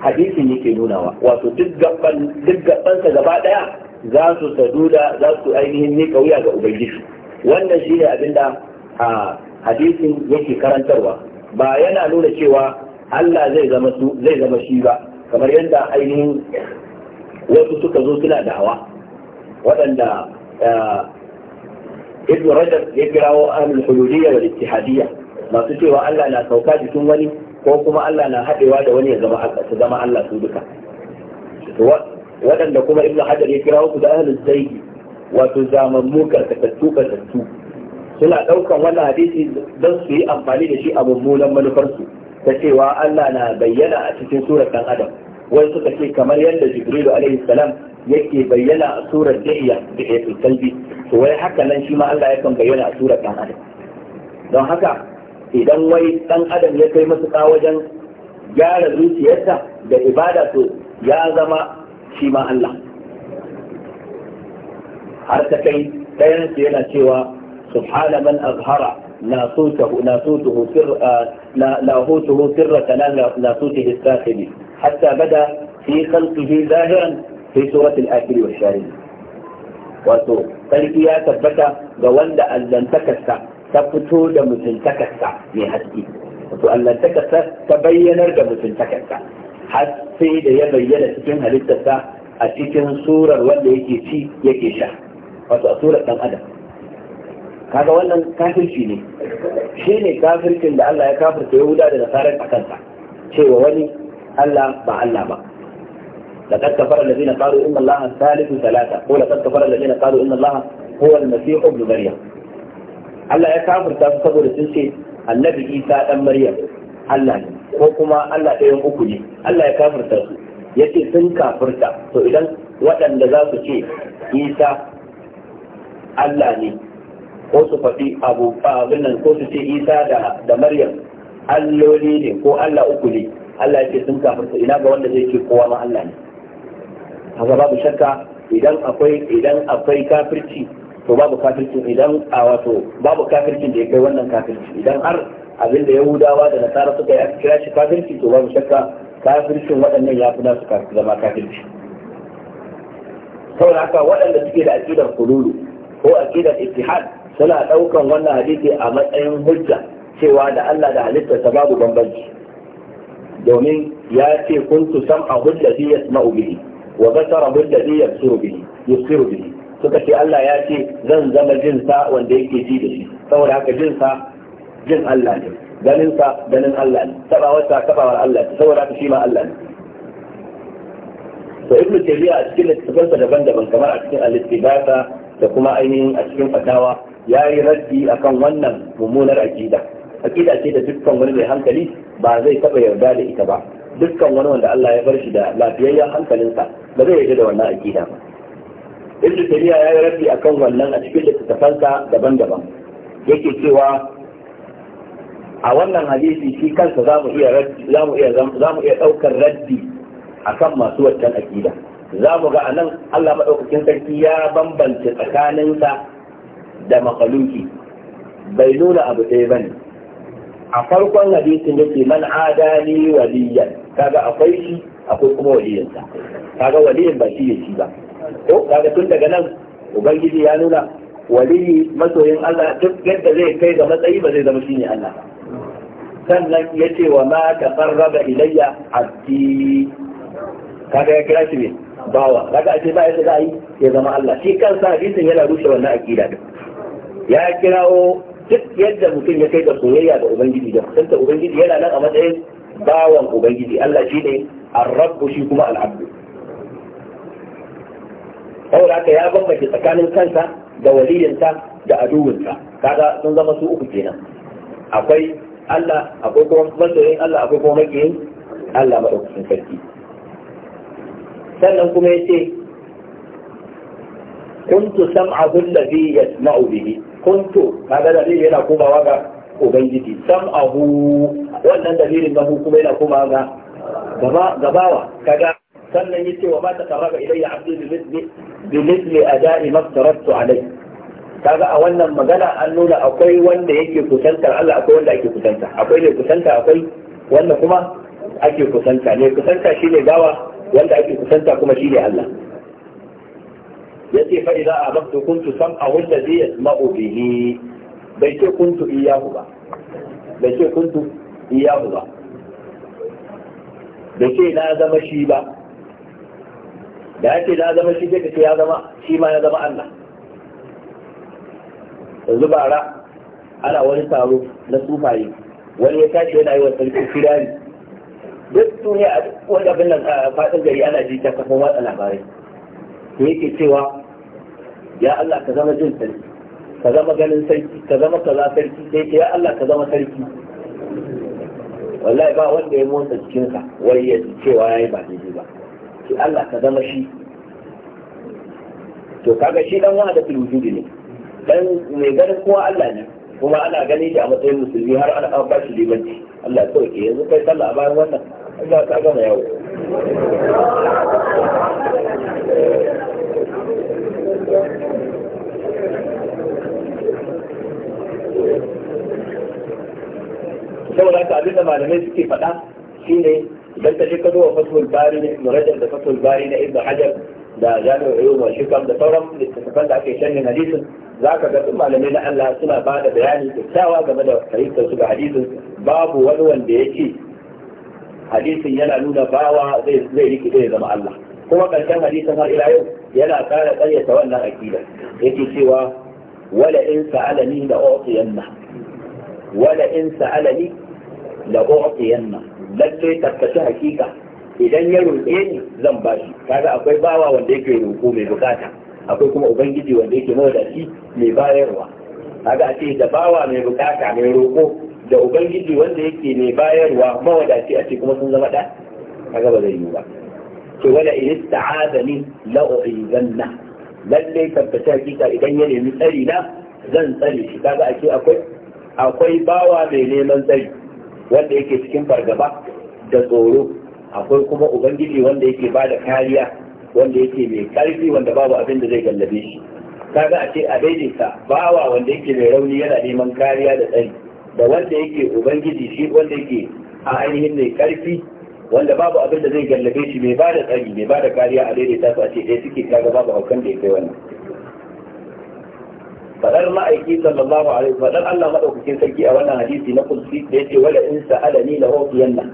hadisin yake nunawa wato duk gaban duk gabansa gaba daya za su saduda za su ainihin miƙa wuya ga ubangiji wannan shi ne abinda a hadisin yake karantarwa ba yana nuna cewa Allah zai zama su zai zama shi ba kamar yadda ainihin wasu suka zo suna da'awa waɗanda ibn rajab ya kirawo ahlul hululiyya wal ittihadiyya masu cewa Allah na sauka jikin wani ko kuma Allah na haɗewa da wani ya zama Allah su zama Allah su duka waɗanda kuma ibn hajar ya kira su da ahlul zayyi wato zamammu karkatattu karkatattu suna ɗaukan wannan hadisi don su yi amfani da shi a mummunan manufarsu ta cewa Allah na bayyana a cikin surar ɗan adam wai suka ce kamar yadda jibrilu alaihi salam yake bayyana a surar da'iya da ya kalbi to wai haka nan shi ma Allah yakan bayyana a surar ɗan adam don haka idan wai ɗan adam ya kai masu wajen gyara zuciyarsa da ibada to ya zama shi ma Allah har ta kai ɗayan su yana cewa subhana man azhara nasutuhu nasutuhu sirra nahutuhu sirra kana nasutuhu sakhili hatta bada fi khalqihi zahiran fi surati al-akhir wa shari wato sarki ya tabbata ga wanda allantakarsa ta fito da mutuntakarsa mai haske wato allantakarsa ta bayyanar da mutuntakarsa har sai da ya bayyana cikin halittarsa a cikin surar wanda yake ci yake sha wato a surar dan adam kaga wannan kafirci ne shi ne kafircin da Allah ya kafirta Yahuda da Nasarar a kansa cewa wani Allah ba Allah ba لقد كفر الذين قالوا إن الله ثالث ثلاثة ولقد كفر الذين قالوا إن الله هو المسيح ابن مريم Allah ya kafirta su saboda sun ce annabi Isa dan Maryam Allah ko kuma Allah ɗaya uku ne Allah ya kafirta su ce sun kafirta to idan waɗanda za su ce Isa Allah ne ko su faɗi abu abin nan ko su ce Isa da da Maryam alloli ne ko Allah uku ne Allah ya ce sun kafirta ina ga wanda zai ce kowa ma Allah ne haka babu shakka idan akwai idan akwai kafirci to babu kafircin idan a wato babu kafircin da ya kai wannan kafirci idan har abin da yahudawa da nasara suka yi a kira shi kafirci to babu shakka kafircin waɗannan ya fi nasu zama kafirci saboda haka waɗanda suke da aƙidar kululu ko aƙidar ittihad suna ɗaukan wannan hadisi a matsayin hujja cewa da Allah da halittarsa babu bambanci domin ya ce kuntu sam'a hulladi yasma'u bihi wa basara hulladi yabsuru bihi yusiru bihi suka ce Allah ya ce zan zama jinsa wanda yake ji da shi saboda haka jinsa jin Allah ne ganin sa ganin Allah ne tabawar sa kabawar Allah ne saboda haka shi ma Allah ne to ibnu taymiya a cikin littafansa daban-daban kamar a cikin al-istibasa da kuma ainihin a cikin fatawa ya yi raddi akan wannan mummunar akida akida ce da dukkan wani mai hankali ba zai taɓa yarda da ita ba dukkan wani wanda Allah ya bar shi da lafiyayyen hankalinsa ba zai yarda da wannan akida ba ibnu taymiya ya yi raddi akan wannan a cikin littafansa daban-daban yake cewa a wannan hadisi shi kansa za mu iya za mu iya za iya daukar raddi akan masu waccan akida za mu ga anan Allah madaukakin sarki ya bambance tsakaninsa da makaluki bai nuna abu ɗaya bane a farkon hadisin ke man adani waliyan kaga akwai shi akwai kuma waliyinsa kaga waliyin ba shi shi ba ko kaga tun daga nan ubangiji ya nuna waliyi masoyin Allah duk yadda zai kai ga matsayi ba zai zama shine Allah ba sannan ya ce wa ma ta farraba ilayya abdi kaga ya kira shi ne bawa kaga a ce ba yadda za yi ya zama Allah shi kansa hadisin yana rushe wannan akida da. ya kirawo duk yadda mutum ya kai da soyayya ga ubangiji da kusanta ubangiji yana nan a matsayin bawan ubangiji Allah shi ne arrabu shi kuma al'abdu saboda haka ya bambance tsakanin kansa da waliyinsa da aduwinsa kaga sun zama su uku kenan akwai Allah akwai kuma masoyin Allah akwai kuma makiyin Allah maɗaukacin sarki sannan kuma ya ce kuntu sam'ahu allazi yasma'u bihi kuntu kaga da yana komawa ga ubangiji abu wannan dalilin na kuma yana komawa ga gabawa kaga sannan ce wa ma ta ga ilayya 'abdi bi mithli ada'i ma a alayhi kaga a wannan magana an nuna akwai wanda yake kusantar Allah akwai wanda ake kusanta akwai ne kusanta akwai wanda kuma ake kusanta ne kusanta shine gawa wanda ake kusanta kuma shine Allah yace fa idza abaqtu kuntu sam'ahu alladhi yasma'u bihi bai ce kuntu iyahu ba bai ce kuntu iyahu ba bai ce na zama shi ba da ake na zama shi sai ka ce ya zama shi ma ya zama Allah yanzu bara ana wani taro na tsufaye wani ya tashi yana yi wa sarki firari duk duniya a duk wani abin nan a fatan gari ana ji ta kafin watsa labarai to yake cewa ya Allah ka zama jin sarki ka zama ganin sarki ka zama kaza sarki sai ya Allah ka zama sarki wallahi ba wanda ya motsa cikinsa wai ya cewa yayi ba daidai ba sai Allah ka zama shi to kaga shi dan wani da wujudi ne dan mai ganin kowa Allah ne kuma ana gani shi a matsayin musulmi har ana an bashi limanci Allah ya sauke yanzu kai sallah a bayan wannan Allah ka gama yawo saboda haka abinda malamai suke faɗa shine idan ta ka zo wa fatul bari na ibnu rajab da fatul bari na ibnu hajar da jami'u ayyuma shikam da sauran littattafan da ake shannin hadisin za ka ga malamai na Allah suna ba da bayani kyakkyawa game da fahimtar su ga hadisin babu wani wanda ya ce hadisin yana nuna bawa zai zai riki zai zama Allah kuma karshen hadisin har ila yau yana kara tsayyata wannan akida yake cewa wala in sa'alani la u'tiyanna wala in sa'alani la u'tiyanna lalle tattace hakika idan ya roƙe ni zan bashi kaga akwai bawa wanda yake roƙo mai bukata akwai kuma ubangiji wanda yake mawadaci mai bayarwa kaga a ce da bawa mai bukata mai roko da ubangiji wanda yake mai bayarwa mawadaci a ce kuma sun zama da kaga ba zai yi ba to wala in ista'azani la u'izanna lalle tabbata hakika idan ya nemi tsari na zan tsare shi kaga a akwai akwai bawa mai neman tsari wanda yake cikin fargaba da tsoro akwai kuma ubangiji wanda yake bada kariya wanda yake mai karfi wanda babu abin da zai gallabe shi kaga a ce a daidaita bawa wanda yake mai rauni yana neman kariya da tsari da wanda yake ubangiji shi wanda yake a ainihin mai karfi wanda babu abin da zai gallabe shi mai bada tsari mai bada kariya a daidaita su a ce dai suke kaga babu haukan da ya kai wannan fadar ma'aiki sallallahu alaihi fadar Allah madaukakin sarki a wannan hadisi na kulsi da yace wala in sa'alani la ufiyanna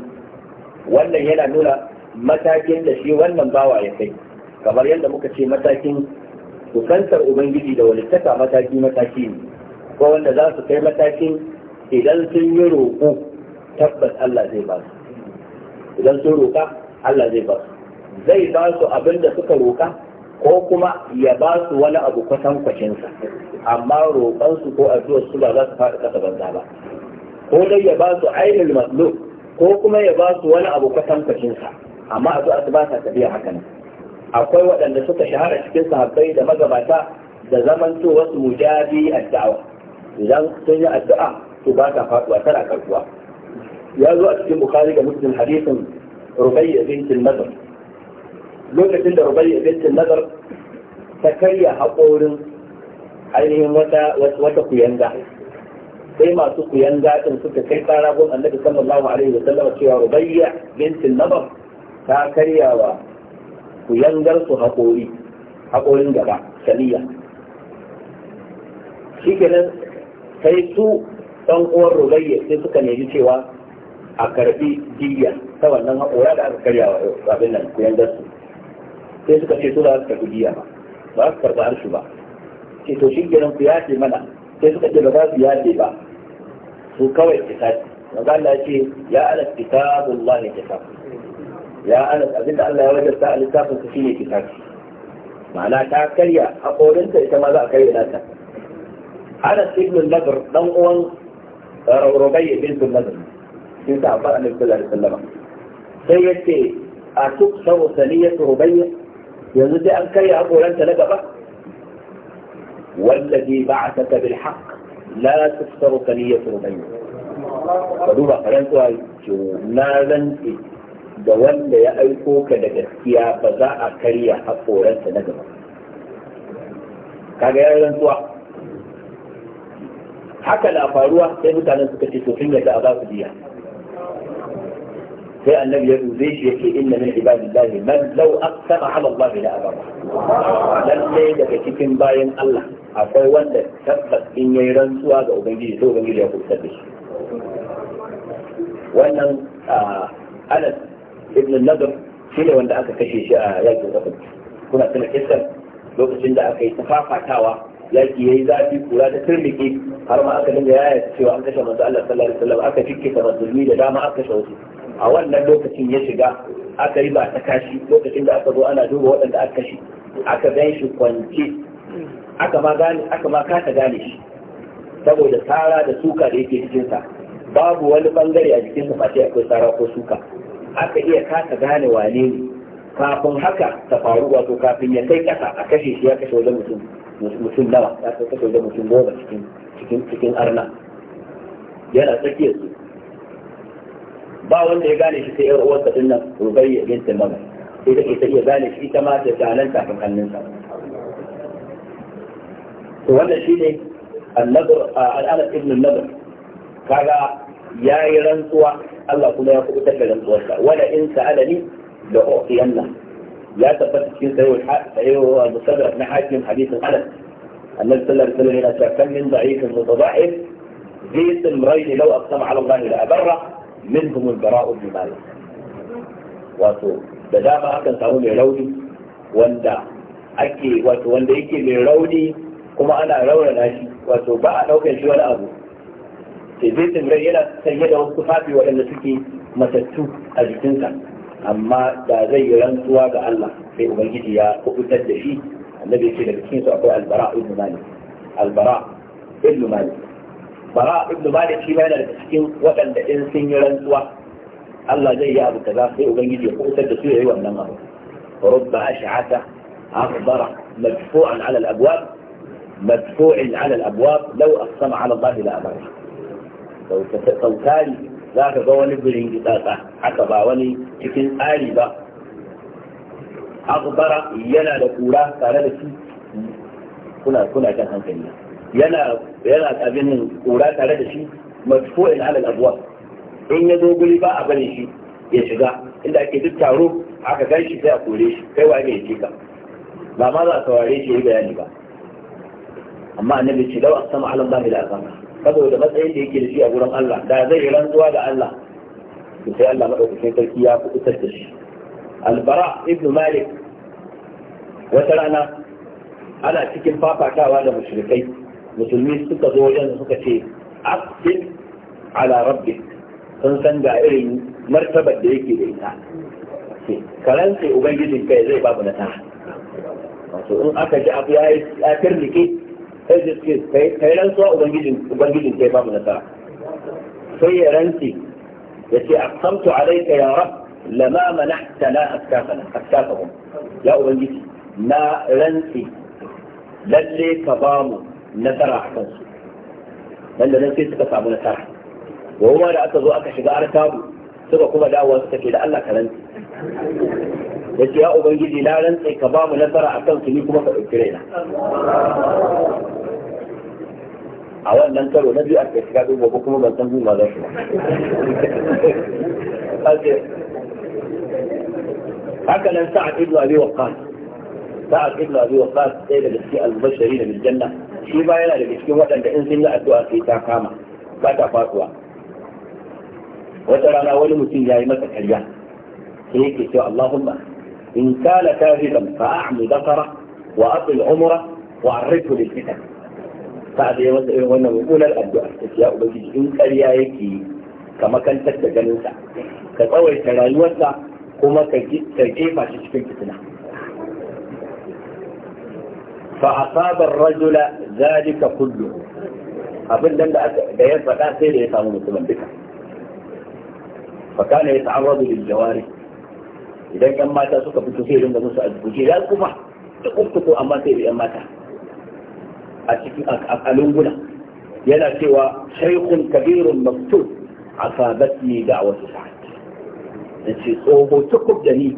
wannan yana nuna matakin da shi wannan bawa ya kai kamar yadda muka ce matakin kusantar ubangiji da walittaka mataki mataki ne ko wanda za su kai matakin idan sun yi roƙo tabbas Allah zai ba su idan sun roƙa Allah zai ba su zai ba su abin da suka roƙa ko kuma ya ba su wani abu kwatan kwacinsa amma roƙonsu ko addu'ar su ba za su faɗi kasa banza ba ko dai ya ba su ainihin matlo ko kuma ya ba su wani abu kwatan kwacinsa amma addu'a ba ta tafiya haka nan akwai waɗanda suka shahara cikin sahabbai da magabata da zamanto wasu mujabi addu'a idan sun yi addu'a to ba ta faɗuwa tana karkuwa ya zo a cikin bukari da muslim hadisin rubayya bintin nazar lokacin da rubayya bintin nazar ta karya haƙorin ainihin wata wata kuyanga sai masu kuyanga zaɗin suka kai ƙara gun annabi sallallahu alaihi wa sallam cewa rubayya bintin nazar ta karyawa ku yangar su haƙori haƙorin gaba shi shikenan sai su ɗan uwar rubayya sai suka nemi cewa a karɓi diya ta wannan haƙora da aka karyawa abin nan ku yangar su sai suka ce su da aka karɓi diya ba ba su karɓi harshe ba ce to shikenan ku yace mana sai suka ce ba za su yace ba su kawai kitati maza ce ya ala kitabullahi kitabu يا أنس أجد أن لا يوجد التعليقات في سفينة كتاك معناه أقول أنت إذا ماذا أكيد لك أنس ابن النذر نوعا ربيع بنت النذر سيدة أبا أن الله عليه وسلم سيدتي أتوك شو سنية ربي يزد أن كي أقول أنت لك والذي بعثك بالحق لا تفتر سنية ربيع فدوبا قلنت هاي شو نالا إيه ga wanda ya aiko ka da gaskiya ba za a karya haƙoransa na gaba kaga yaran rantsuwa haka na faruwa sai mutanen suka ce to sun yadda a za su biya sai annabi ya duze shi yake inna min ibadillahi man law aqsama ala Allah la abara lalle daga cikin bayan Allah akwai wanda tabbas in yayi rantsuwa ga ubangiji sai ubangiji ya kusa da shi wannan ah, Anas ibn nadar shi ne wanda aka kashe shi a yakin uhud kuna tuna kisan lokacin da aka yi ta fafatawa yaki yayi zafi kura ta turmiki har ma aka dinga yaya cewa an kashe manzo Allah sallallahu alaihi wasallam aka fikke ta musulmi da dama aka kashe wasu a wannan lokacin ya shiga aka yi ba ta kashi lokacin da aka zo ana duba waɗanda aka kashe aka gan shi kwance aka ma gane aka ma kasa gane shi saboda tsara da suka da yake cikinsa babu wani bangare a jikinsa face akwai tsara ko suka aka iya kasa gane wane ne kafin haka ta faru wato kafin ya kai kasa a kashe shi ya kashe wajen mutum mutum nawa ya kashe wajen mutum goma cikin cikin cikin arna yana tsakiyar su ba wanda ya gane shi sai yar uwarsa din nan rubayya bint magar sai take ta iya gane shi ita ma ta ganan kafin sa. to wannan shine annabi al-anas ibn al nadr kaga yayi rantsuwa Allah kuma ya kuɓuta da rantsuwarsa wala in sa'alani da uqiyanna ya tabbata cikin sayyid sayyid musaddaq na hakim hadithin Anas annabi sallallahu alaihi wasallam yana cewa kan min da'ifin mutada'if zai simrai law aqsama ala Allah la abarra minhum al-bara'u bi malik wato da dama akan samu mai rauni wanda ake wato wanda yake mai rauni kuma ana raunana shi wato ba a ɗaukar shi wani abu zai tambayi yana sanye da wasu tufafi waɗanda suke matattu a jikinsa amma da zai yi rantsuwa ga Allah sai ubangiji ya kubutar da shi annabi ce daga cikin su akwai albara ibn malik albara ibn malik bara ibn malik shi ma yana daga cikin waɗanda in sun yi rantsuwa Allah zai yi abu kaza sai ubangiji ya kubutar da su yayi wannan abu rubba ash'ata akbara madfu'an ala al-abwab مدفوع على الابواب لو اقسم على الله لابره sautari za ka ga wani birin gitsatsa haka ba wani cikin tsari ba akubara yana da kura tare da shi kuna kuna kan hankali yana yana abin kura tare da shi madfu'in ala halin abuwa in ya zo guri ba a bane shi ya shiga inda ake duk taro aka gan shi sai a kore shi kai wa ne ya ce ka ba ma za a saurare shi ya yi bayani ba amma annabi ce dawa sama alam ba da asama saboda matsayin da yake da shi a gurin Allah da zai yi rantsuwa da Allah to sai Allah madaukakin sarki ya kubutar da shi albara ibnu malik wata rana ana cikin fafatawa da mushrikai musulmi suka zo wajen suka ce aqbil ala rabbik sun san ga irin martabar da yake da ita karan sai ubangijin kai zai babu nasara wato in aka ji abu ya firnike sai da suke kai rantsuwa ubangijin kai babu nasara sai ya rantsi ya ce aqsamtu alayka ya rab lama mana'ta la askafana askafahum ya ubangiji na rantsi lalle ka ba mu nasara a kansu nan da nan sai suka samu nasara wa goma da aka zo aka shiga artabu suka kuma dawowa suka ke da Allah ka rantsi da ya ubangiji na rantse ka ba mu nasara a kan ni kuma ka ɗauki na a wannan karo na biyu a kai shiga duba ko kuma ban san zuwa za su ba haka nan sa'a ibn abi waqqas sa'a ibn abi waqqas sai daga cikin al-bashari da janna shi ba yana daga cikin wadanda in sun yi addu'a sai ta kama ba ta fasuwa wata rana wani mutum ya yi masa karya sai yake cewa Allahumma إن كان كاذبا فأعمل ذكرة وأطل عمره وأعرفه للكتاب فأدي يقول مقول الأبد أستثياء بجيج إنك ليايكي كما كان تتجنسا كتوي تنالوسا كما كيف عشيش في الكتنا فأصاب الرجل ذلك كله أبدا بيان فتاة سيدي فكان يتعرض للجوارح idan yan mata suka fito sai rinda musu a guje ya kuma ta kufkuto amma sai yan mata a cikin al'unguna, yana cewa shaykhun kabirun maktub asabatni da'watu sa'ad yace tsoho ta kubda ni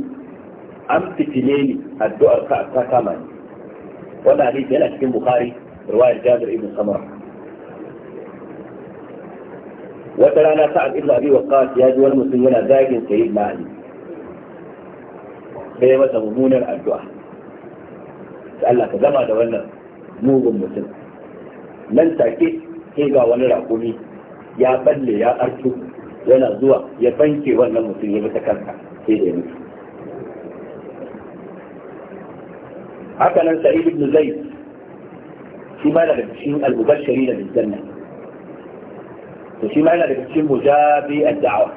an fitile ni addu'ar ka ta kama ni wannan hadisi yana cikin bukhari riwayar jabir ibn samura wata rana sa'ad ibn abi waqqas ya ji wani mutum yana zagin sayyidina ali sai ya masa mummunar addu'a ta Allah ka gama da wannan mugun mutum nan take sai ga wani raƙumi, ya balle ya arto yana zuwa ya banke wannan mutum ya mata kanka sai da ya mutu haka nan sa'id ibn zaid shi ma daga cikin al-mubashshiri da janna to shi ma yana daga cikin mujabi ad-da'wa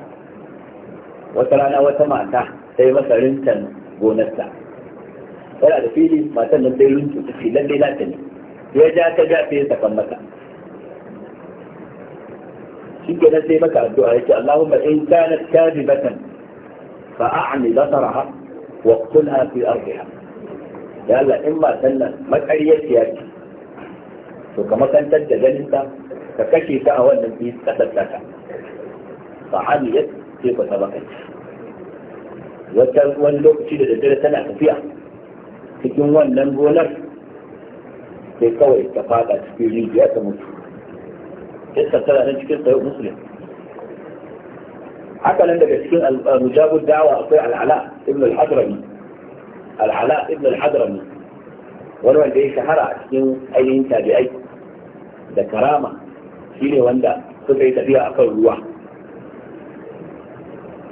wata rana wata mata sai masa rintan gonarsa yana da fili matan nan sai runtu ta ce lalle za ta ne ya ja ta ja sai ya sakan mata shi ke nan sai maka addu'a ya ce Allahumma in kanat kadibatan fa a'mi basaraha wa qulha fi ardiha ya Allah in matan nan makaryaciya ce to ka makantar da ganin ta ka kashe ta a wannan bi kasar ta ta fa'aliyat sai ka sabaka wata wani lokaci da daddare tana tafiya cikin wannan gonar sai kawai ta fada cikin rijiya ta mutu iskar tara nan cikin sayo musulun haka nan daga cikin mujabun dawa akwai al'ala ibn al-hadrami al'ala ibn al-hadrami wani wanda ya shahara a cikin ainihin tabi'ai da karama shi ne wanda suka yi tafiya akan ruwa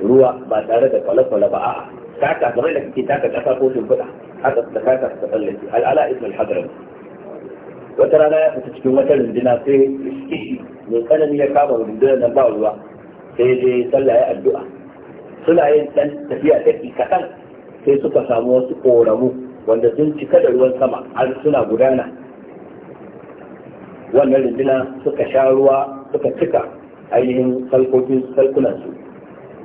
ruwa ba tare da kwale-kwale ba a'a taka kamar da kake taka kasa ko shimfiɗa haka da taka ta tsallaki al'ala ibn al wata rana ya fita cikin wata rundina sai kishi mai tsanani ya kama rundina nan ba ruwa sai dai sallah addu'a suna yin dan tafiya da kaɗan sai suka samu wasu ƙoramu wanda sun cika da ruwan sama har suna gudana wannan rundina suka sha ruwa suka cika ainihin salkokin salkunansu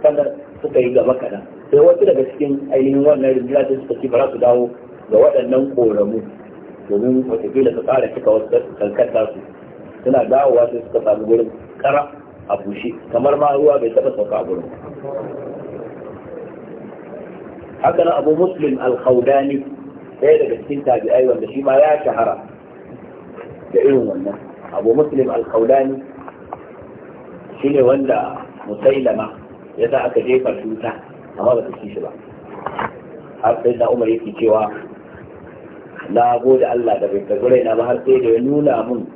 kanar suka yi gaba kaɗan sai wasu daga cikin ainihin wannan rundunar da suka ci ba su dawo ga waɗannan ƙoramu domin wataƙila su ƙara cika wasu kankan nasu suna dawowa sai suka sami gurin kara a bushe kamar ma ruwa bai taɓa sauka a gurin haka nan abu muslim al-khawdani ɗaya daga cikin tabi'ai wanda shi ma ya shahara da irin wannan abu muslim al shi ne wanda musailama ya sa aka jefa cuta amma ba su ci ba har sai na umar yake cewa na gode Allah da bai kazo raina ba har sai da ya nuna mun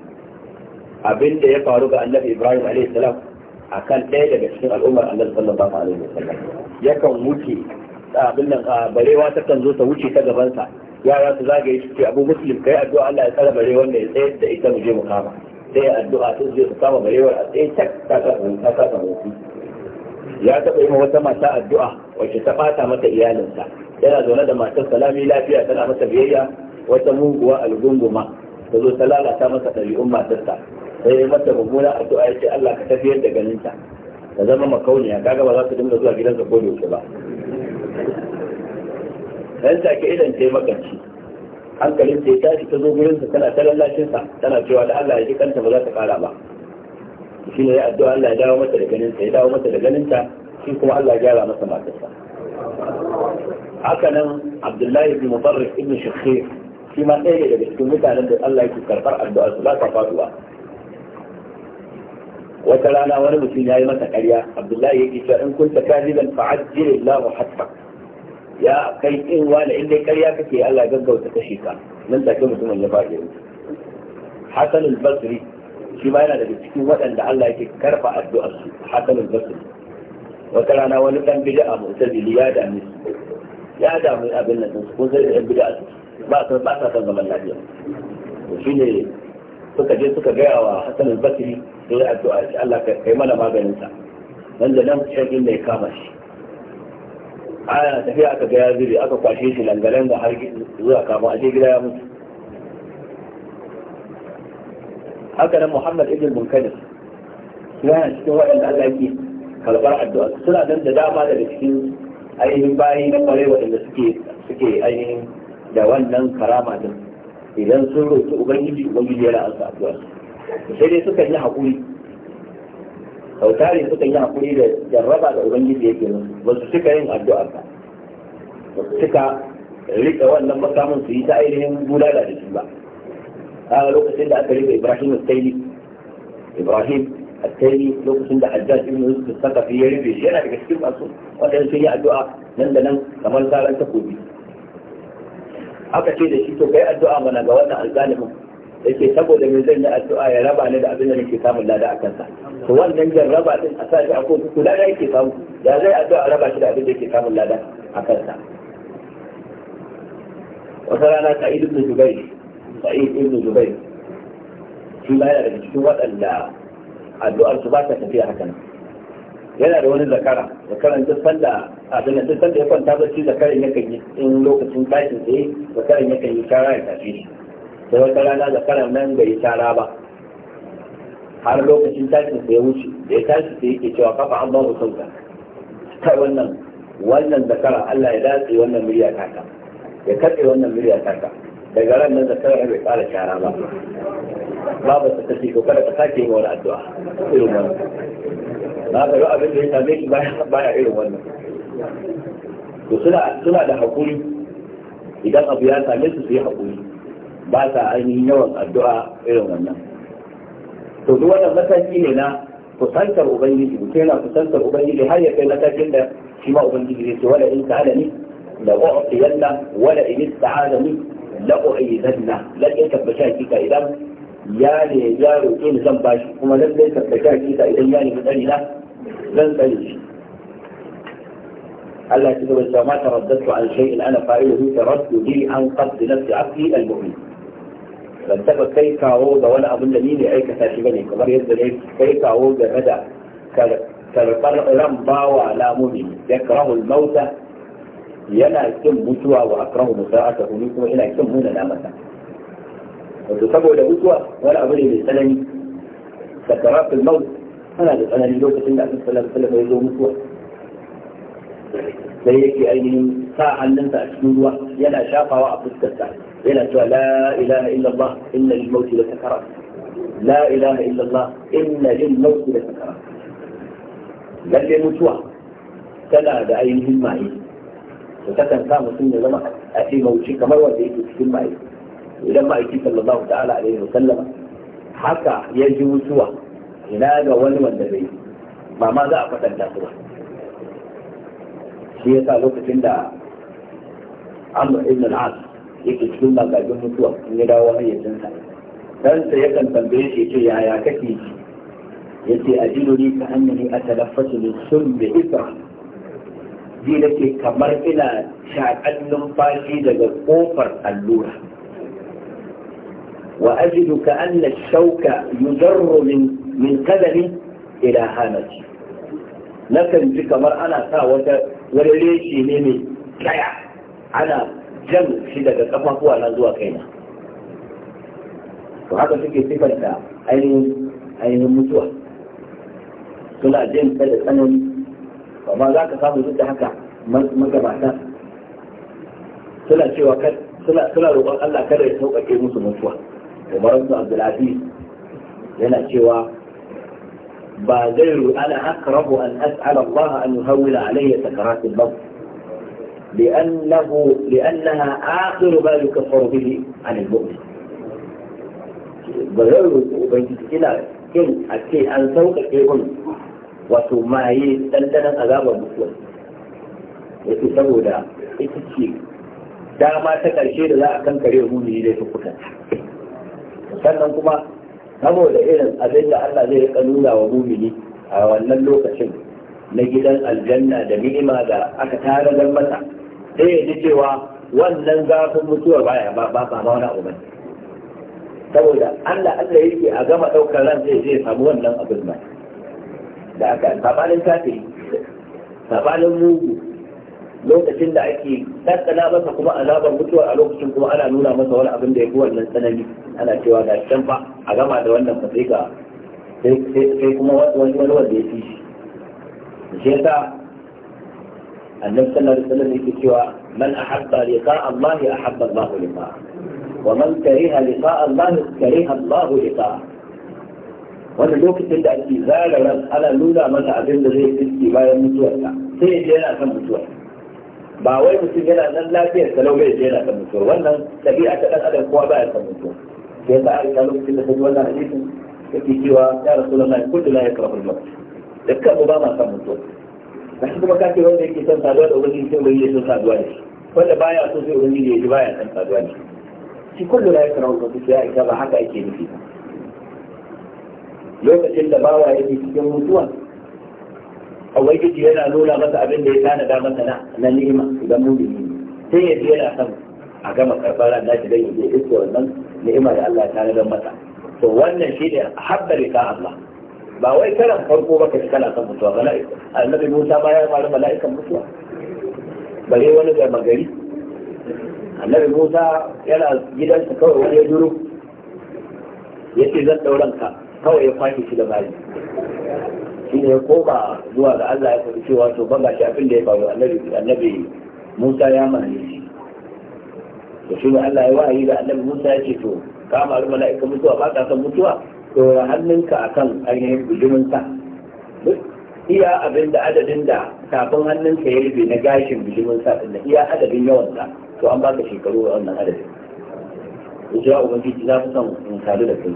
abin da ya faru ga annabi Ibrahim alaihi salam akan ɗaya daga cikin al'ummar Allah sallallahu alaihi wasallam yakan wuce abin nan a barewa ta kan zo ta wuce ta gabansa yara su zagaye su ce abu musulun kai addu'a Allah ya tsara bare wanda ya tsayar da ita mu je mu kama sai addu'a sun je su kama barewar a tsaye tak ta kasa ta kasa mutu ya taɓa yi wata mata addu'a wacce ta ɓata mata iyalinsa yana zaune da matar salami lafiya tana masa biyayya wata muguwa algunguma ta zo ta lalata masa ɗabi'un matarsa sai ya mata mummuna addu'a ya ce Allah ka tafiyar da ganinta ta zama makauniya kaga ba za su dinga zuwa gidansa ko da yaushe ba dan take idan ta makanci hankalin ta ya tashi ta zo gurinsa tana ta lallashinsa tana cewa da Allah ya ji kanta ba za ta kara ba shi ne ya addu'a Allah ya dawo mata da ganinta ya dawo mata da ganinta shi kuma Allah ya gyara masa matarsa hakanan Abdullahi ibn Mutarrif ibn Shakhir shi ma ɗaya ne daga cikin mutanen da Allah yake karɓar addu'a su ba ta faduwa wata rana wani mutum ya yi masa ƙarya Abdullahi yake cewa in kunta kadiban fa'ajjil Allah hatta ya kai in wani in dai ƙarya kake Allah ya gaggauta kashe ka nan take mutumin ya faɗi Hassan al-Basri shi ma yana daga cikin waɗanda Allah yake karfa addu'ar su hasan al wata rana wani dan bid'a mu'tazili ya dami su ya dame abin nan su kun sai dan bid'a ba san ba san zaman lafiya to shine suka je suka gaya wa hasan al-basri sai addu'a shi Allah kai mana maganin sa nan da nan sai da ya kama shi ana tafiya aka ga ya zube aka kwashe shi langalanga har zuwa kama a je gida ya mutu haka nan Muhammad ibn Munkadir yana cikin waɗanda Allah yake karɓar addu'a suna nan da dama daga cikin ainihin bayi na kwarai waɗanda suke suke ainihin da wannan karama din idan sun roki ubangiji ubangiji yana ansa addu'a sai dai suka yi haƙuri sautari suka yi hakuri da jarraba da ubangiji yake musu ba su cika yin addu'a ba suka rika wannan makamin su yi ta ainihin bulala da shi ba kaga lokacin da aka rufe Ibrahim al-Taymi Ibrahim al-Taymi lokacin da Hajjaj ibn Yusuf al-Thaqafi ya rufe shi yana daga cikin masu wadanda sun yi addu'a nan da nan kamar saran takobi aka ce da shi to kai addu'a mana ga wannan alzalimin ke saboda me zan yi addu'a ya raba ni da abin da nake samun lada a kansa to wannan jarraba din a sa shi a kula lada yake samu ya zai addu'a a raba shi da abin da yake samun lada a kansa wata rana sa'id ibn jubair sa'id ibn zubair shi ma yana daga cikin waɗanda addu'ar su ba ta tafiya haka nan yana da wani zakara zakaran duk sanda abin duk sanda ya kwanta bacci zakaran yakan yi in lokacin tashin sai zakaran yakan yi shara ya tafi shi sai wata rana zakaran nan bai yi shara ba har lokacin tashin sai ya wuce da ya tashi sai yake cewa kafa an ba mu sauka kai wannan wannan zakara Allah ya datse wannan murya ta ya katse wannan murya ta. daga ran nan zakar ya bai fara shara ba babu ta tafi ko kada ka sake yin wani addu'a irin wannan ba ga yau abin da ya same shi baya irin wannan to suna da hakuri idan abu ya same su su yi hakuri ba sa ainihin yawan addu'a irin wannan to duk wannan mataki ne na kusantar ubangiji mutum yana kusantar ubangiji har ya kai matakin da shi ma ubangiji zai ce wala in ta'ala ni la u'tiyanna wala in ista'ala ni la'u'izanna lalle tabbata hakika idan ya ne ya roƙe ni zan bashi kuma lalle tabbata hakika idan ya nemi tsari na zan tsare shi الله تقول ما ترددت عن شيء أنا فاعله ترددي عن قصد نفس عقلي المؤمن ban taba kai kawo ga wani abin da ni ne aikata shi bane kamar yadda ne kai kawo game da karɓar ran bawa lamuni ya karahu mauta yana kin mutuwa wa akrahu musa'ata ni kuma ina kin muna na masa wato saboda mutuwa wani abu ne mai tsanani sakaratul maut tana da tsanani lokacin da aka sallallahu alaihi wasallam zo mutuwa sai yake ainihin sa hannunsa a cikin ruwa yana shafawa a fuskarsa yana cewa la ilaha illallah inna lil mauti la sakara la ilaha illallah inna lil mauti la sakara lalle mutuwa tana da ainihin maye وكتن كان مسلم لما أتي موشي كما هو ذي مسلم أيضا ولما أتي صلى الله تعالى عليه وسلم حكى يجو سوى هناك ولو النبي ما ماذا أفتا أنت هي شيء سالوك تندى عمر ابن العاص يكي تلما قادم سوى ندى وهي جنسا فانت يكن تنبيش يتو يا يا كتي يتي أجلني كأنني أتلفت من سلم بإفرح ji nake kamar ina shaƙan numfashi daga ƙofar allura wa ajidu ka anna shauka yujarru min min kadari ila hanaci kan ji kamar ana sa wata wani reshe ne mai kaya ana jan shi daga kafafuwa na zuwa kaina to haka suke sifanta ainihin ainihin mutuwa suna jin kada da tsanani amma za ka samu duk da haka magabata suna cewa suna roƙon Allah kada ya sauƙaƙe musu mutuwa Umar ibn Abdulaziz yana cewa ba zai ru ana akrabu an as'ala Allah an yuhawwila alayya sakaratul maut لأنه لأنها آخر ما يكفر به عن المؤمن. بغير وبين كده كان أكيد أن سوق يكون wato maye ɗanɗanon azabar mutuwa fi saboda ita ce dama ta ƙarshe da za a kankare mumini dai fukuta sannan kuma saboda irin abin da Allah zai rika nuna wa mumini a wannan lokacin na gidan aljanna da ni'ima da aka tare masa sai ya ji cewa wannan zafin mutuwa baya ba ba ba wani abu saboda Allah Allah yake a gama daukar ran zai zai samu wannan abin mai da aka sabanin kafiri sabanin mugu lokacin da ake ɗanɗana masa kuma azabar mutuwa a lokacin kuma ana nuna masa wani abin da ya fi wannan tsanani ana cewa da can fa a gama da wannan fa sai ga sai kuma wani wani wanda ya fi shi shi yasa annabi sallallahu alaihi wasallam yake cewa man ahabba liqa Allah ahabba Allah liqa wa man kariha liqa Allah kariha Allah liqa wanda lokacin da ake zara ran ana nuna masa abin da zai fiske bayan mutuwarsa sai ya je yana son mutuwa ba wai mutum yana nan lafiyar sa bai je yana son mutuwa wannan tabi'a ta dan adam kowa baya son mutuwa sai ta aika lokacin da ta ji wannan hadisin take cewa ya rasulullahi kullu la yakrahu al-maut dukkan mu ba ma son mutuwa da kuma ka ce wanda yake son saduwa da ubangiji sai ubangiji ya son saduwa da shi wanda baya so sai ubangiji ya ji baya son saduwa da shi shi kullu la yakrahu al-maut ya aika ba haka ake nufi ba lokacin da bawa yake cikin mutuwa a ubangiji yana nuna masa abin da ya da masa na na ni'ima idan mumini sai ya ji yana son a gama karɓar da shi dan yake iske wannan ni'ima da Allah ya tanada masa to wannan shi ne habba lika Allah ba wai karan farko ba ka kana son mutuwa la'i annabi Musa ba ya fara mala'ikan mutuwa bare wani da magari annabi Musa yana gidansa kawai wani ya duro yace zan dauranka kawai ya kwashe shi da bayi shi ne ya koma zuwa ga Allah ya faɗi cewa to ban gashi abin da ya faru annabi annabi Musa ya mani shi to shi ne Allah ya wahayi da annabi Musa ya ce to ka maru mala'ika mutuwa ba ka san mutuwa to hannunka akan ainihin bijimin sa iya abin da adadin da kafin hannunka ya rufe na gashin bijimin sa din iya adadin yawan sa to an baka shekaru wannan adadin. Ujira Ubangiji za ku san in sadu da kai.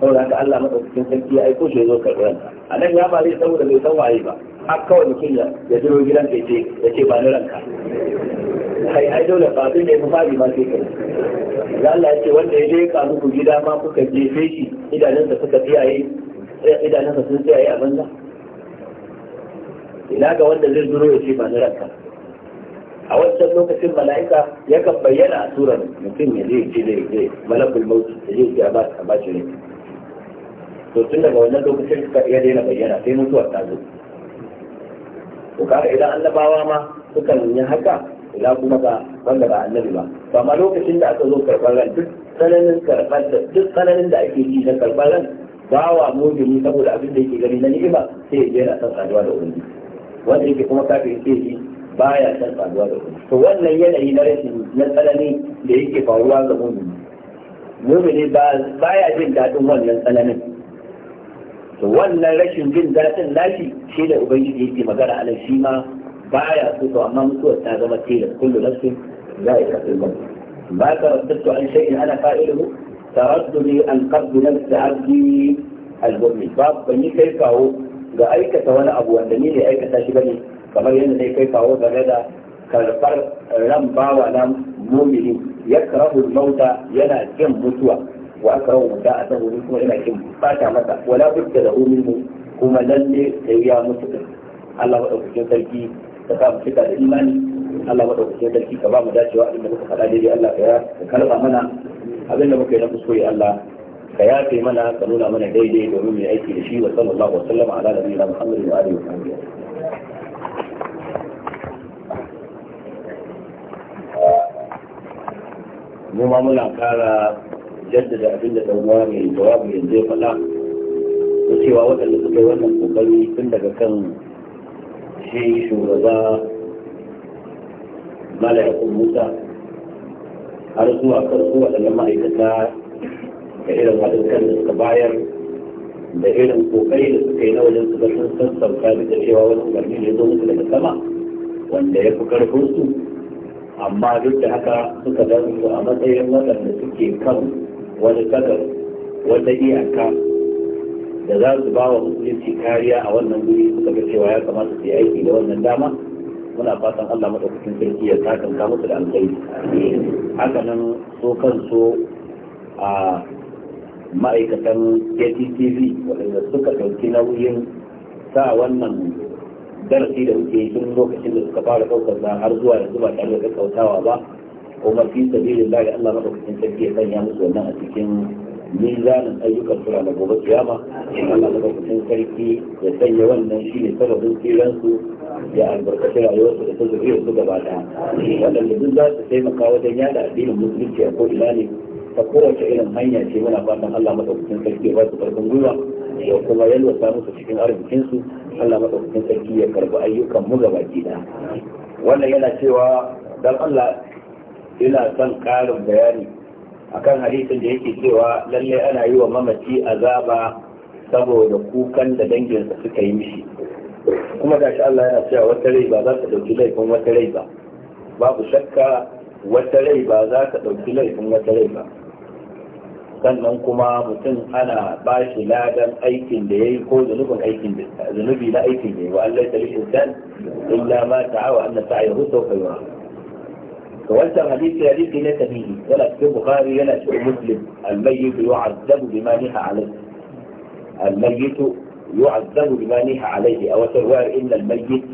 saboda haka Allah madaukakin sarki ya aiko shi ya zo karɓar a nan ya faru saboda bai san waye ba har kawai mutum ya ya jiro gidan kai ce ya ce ba ni ranka kai ai dole ba bin da ya fi ma sai kai ya Allah ya ce wanda ya je ka muku gida ma kuka jefe shi idanunsa suka tsiyaye eh, idanunsa sun tsiyaye a banza ina ga wanda zai duro ya ce ba ni ranka a wancan lokacin mala'ika ya kan bayyana a surar mutum ya ya ce zai je malakul mauti ya zai ce a ba shi ne to tun daga wannan lokacin suka iya daina bayyana sai mutuwar ta zo Ku kaga idan annabawa ma sukan yi haka ila kuma ga wanda ba annabi ba ba ma lokacin da aka zo karɓar ran duk tsananin karɓar da duk tsananin da ake ji na karɓar ran ba wa mujini saboda abin da yake gani na ni'ima sai ya je yana son saduwa da ubangiji wanda yake kuma kafin sai ji baya son saduwa da ubangiji to wannan yanayi na rashin na tsanani da yake faruwa ga mujini mujini ba ya jin daɗin wannan tsananin to wannan rashin jin daɗin lashi shi da ubangiji yake magana a nan shi ma baya so to amma mutuwar ta zama tilas kullu nafsin za a kafin ba ba ka rattatu an shay'in ana fa'iluhu taraddudi an qabdu nafsi abdi al-mu'min ba ban yi kai kawo ga aikata wani abu wanda ni ne aikata shi bane kamar yadda dai kai kawo game da karbar ran bawa na mumini ya karahul mauta yana jin mutuwa wa akrahu muta'atahu ni kuma ina kin bata masa wala budda lahu minhu kuma lalle sai ya mutu Allah madaukakin sarki ka sa mu cika da imani Allah madaukakin sarki ka ba mu dacewa abinda muka faɗa daidai Allah ka ya kalma mana abinda muka yi na kuskure Allah ka yafe mana ka nuna mana daidai domin mu aiki da shi wa sallallahu wa sallam ala Muhammadin wa muna kara jaddada abin da ɗan mai jawabi yanzu ya faɗa da cewa waɗanda suka yi wannan kokari tun daga kan shi shugaba malayakun musa har zuwa kan su waɗannan ma'aikata da irin haɗin kan da suka bayar da irin ƙoƙari da suka yi na wajen su sun sassauta da cewa wani umarni ne zo musu daga sama wanda ya fi karfin su amma duk da haka suka dan su a matsayin waɗanda suke kan wani kadar wata iyaka da za su ba wa musulunci kariya a wannan guri suka ga cewa ya kamata su yi aiki da wannan dama muna fatan Allah madaukakin sarki ya sakanta musu da alƙairi haka nan so kan so a ma'aikatan KTTV waɗanda suka ɗauki nauyin sa wannan darasi da muke yi tun lokacin da suka fara ɗaukar har zuwa yanzu ba tare da kakkautawa ba kuma fi sabilin lahi Allah madaukakin sarki ya sanya musu wannan a cikin mizanin ayyukan sura na gobe kiyama Allah madaukakin sarki ya sanya wannan shi ne sababin tsiransu ya albarkaci rayuwarsu da ta zuriyar su gaba ɗaya waɗanda duk za su taimaka wajen yada addinin musulunci a ko ne ta kowace irin hanya ce muna fatan Allah madaukakin sarki ya ba su karfin gwiwa ya kuma yalwata musu cikin arzikinsu Allah madaukakin sarki ya karbi ayyukan mu gaba ki wannan yana cewa dan Allah ina son ƙarin bayani akan hadisin da yake cewa lalle ana yi wa mamaci azaba saboda kukan da danginsa suka yi mishi kuma da shi Allah yana cewa wata rai ba za ta ɗauki laifin wata rai ba babu shakka wata rai ba za ta ɗauki laifin wata rai ba sannan kuma mutum ana ba shi ladan aikin da ya yi ko zunubin aikin da zunubi na aikin da ya yi wa Allah ta lishin san illa ma ta'a wa anna sa'ayahu sawfa yura da wancan hadisi hadisi ne sahihi yana cikin bukhari yana cikin muslim al-mayyit yu'azzabu bima niha alayhi al-mayyit yu'azzabu bima niha alayhi inna al-mayyit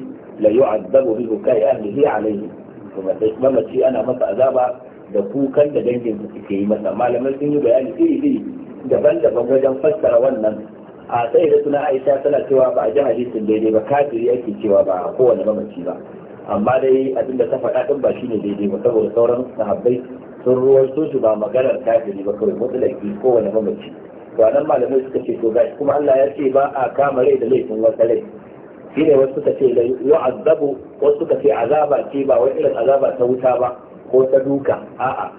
la yu'azzabu bi bukai ahlihi alayhi mamaci ana masa azaba da kukan da dangin su suke yi masa malamai sun yi bayani iri iri daban-daban wajen fassara wannan a sai da suna aisha tana cewa ba a ji hadisin daidai ba kafiri ake cewa ba a kowane mamaci ba amma dai abinda ta faɗa ɗin ba shine daidai ba saboda sauran sahabbai sun ruwaito shi ba maganar kafiri ba kawai ko kowane mamaci to anan malamai suka ce to gashi kuma Allah ya ce ba a kama rai da laifin wata rai shi ne wasu suka ce yu'azzabu wasu suka ce azaba ce ba wai irin azaba ta wuta ba ko ta duka a'a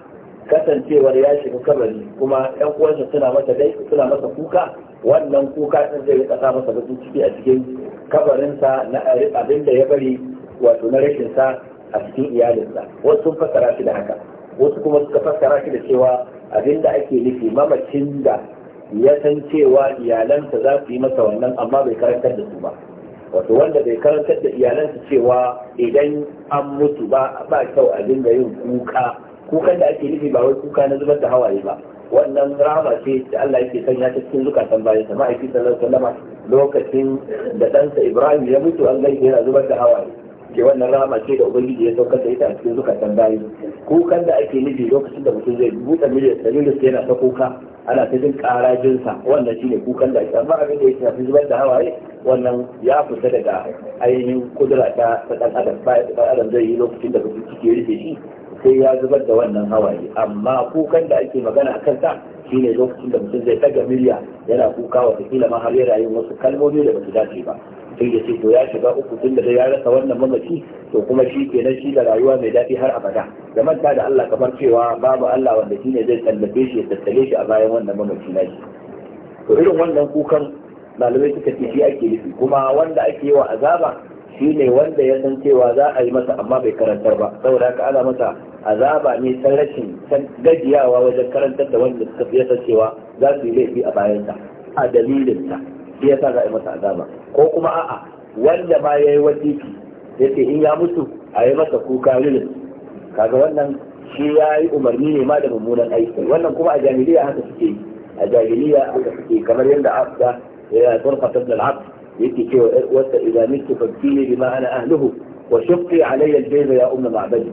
kasancewar ya shiga kabari kuma yan uwansa suna masa dai suna masa kuka wannan kuka din zai rika sa masa bakin ciki a cikin kabarinsa na abin da ya bari wato na rashin sa a cikin iyalinsa wasu sun fassara shi da haka wasu kuma suka fassara shi da cewa abinda ake nufi mamacin da ya san cewa iyalansa za su yi masa wannan amma bai karantar da su ba wato wanda bai karantar da iyalansa cewa idan an mutu ba ba kyau a dinga yin kuka kukan da ake nufi ba wai kuka na zubar da hawaye ba wannan rama ce da Allah yake sanya ta cikin zukatan bayan sa ma'aikin sallallahu alaihi wasallam lokacin da ɗansa Ibrahim ya mutu an gaishe yana zubar da hawaye ke wannan rama ce da ubangiji ya saukar da ita a cikin zukatan bayi kukan da ake nufi lokacin da mutum zai buɗe miliyan da yana ta kuka ana ta jin karajinsa wannan shi ne kukan da ake amma abin da ya shafi zubar da hawaye wannan ya fita daga ainihin kudura ta ta adam adam zai yi lokacin da mutum ciki ya rufe shi sai ya zubar da wannan hawaye amma kukan da ake magana a kansa shine lokacin da mutum zai daga miliya yana kuka wa kila ma har yana yin wasu kalmomi da basu dace ba sai ya ce to ya shiga uku tun da ya rasa wannan mamaci to kuma shi kenan shi da rayuwa mai daɗi har abada da manta da Allah kamar cewa babu Allah wanda shine zai tallafe shi ya tattale shi a bayan wannan mamaci na shi to irin wannan kukan malamai suka ce shi ake nufi kuma wanda ake yi wa azaba shi ne wanda ya san cewa za a yi masa amma bai karantar ba saboda haka ana masa azaba ne san rashin san gajiyawa wajen karantar da wanda suka fiye san cewa za su yi laifi a bayansa a dalilinsa shi ya sa za a yi masa azaba ko kuma a'a wanda ma ya yi wasiki ya ce in ya mutu a yi masa kuka lilin kaga wannan shi ya yi umarni ne ma da mummunan aiki wannan kuma a jahiliya haka suke yi a jahiliya haka suke kamar yadda abda ya turfa da abd yake cewa ƴar uwarsa idan mitu fabtini bima ana ahluhu wa shaqqi alayya al-bayda ya umma ma'badi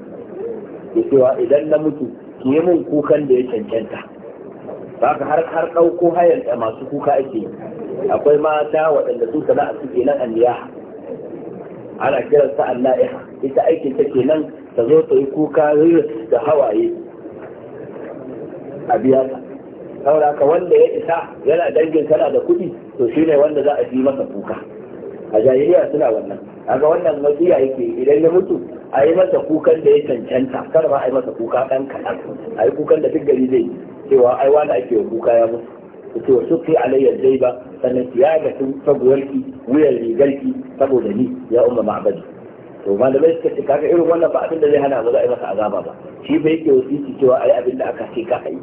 cewa idan na mutu ki yi mun kukan da ya cancanta ba ka har har ɗauko masu kuka ake akwai mata waɗanda su sana'a suke nan anniya ana kiran sa anna'iha ita aikin ta kenan ta zo ta yi kuka da hawaye a biya ta saura ka wanda ya isa yana dangin kana da kuɗi to shine wanda za a ji masa kuka a jahiliya suna wannan kaga wannan wasiya yake idan ya mutu a yi masa kukan da ya cancanta kar ma a yi masa kuka ɗan kaɗan a yi kukan da duk gari zai cewa ai wani ake wa kuka ya mutu ce wa sufi alayya zai ba sannan ya ga sun sabuwarki rigar rigarki saboda ni ya umma ma'abadi to malamai suka ce kaga irin wannan ba abin da zai hana ba za a yi masa azaba ba shi ba yake wasu cewa a yi abin da aka ce ka yi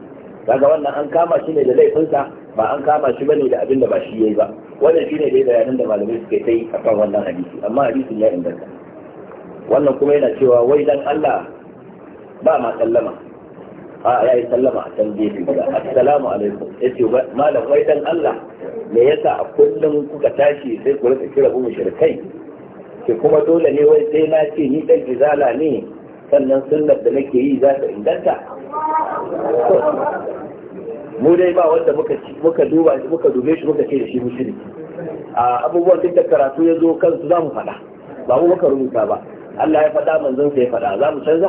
kaga wannan an kama shi ne da laifinsa ba an kama shi bane da abin da ba shi yayi ba wannan shine dai bayanan da malamai suke kai kan wannan hadisi amma hadisin ya inganta wannan kuma yana cewa wai dan Allah ba ma sallama a ya yi sallama a can gefe guda assalamu alaikum Ya yace malam wai dan Allah me yasa a kullum kuka tashi sai ku rika kira mu mushrikai ke kuma dole ne wai sai na ce ni dan izala ne sannan sunnar da nake yi za ta inganta mu dai ba wanda muka muka duba shi muka dube shi muka ce da shi musulmi a abubuwan duk da karatu ya zo kansu za mu faɗa ba mu muka rubuta ba Allah ya faɗa manzon sai ya faɗa za mu canza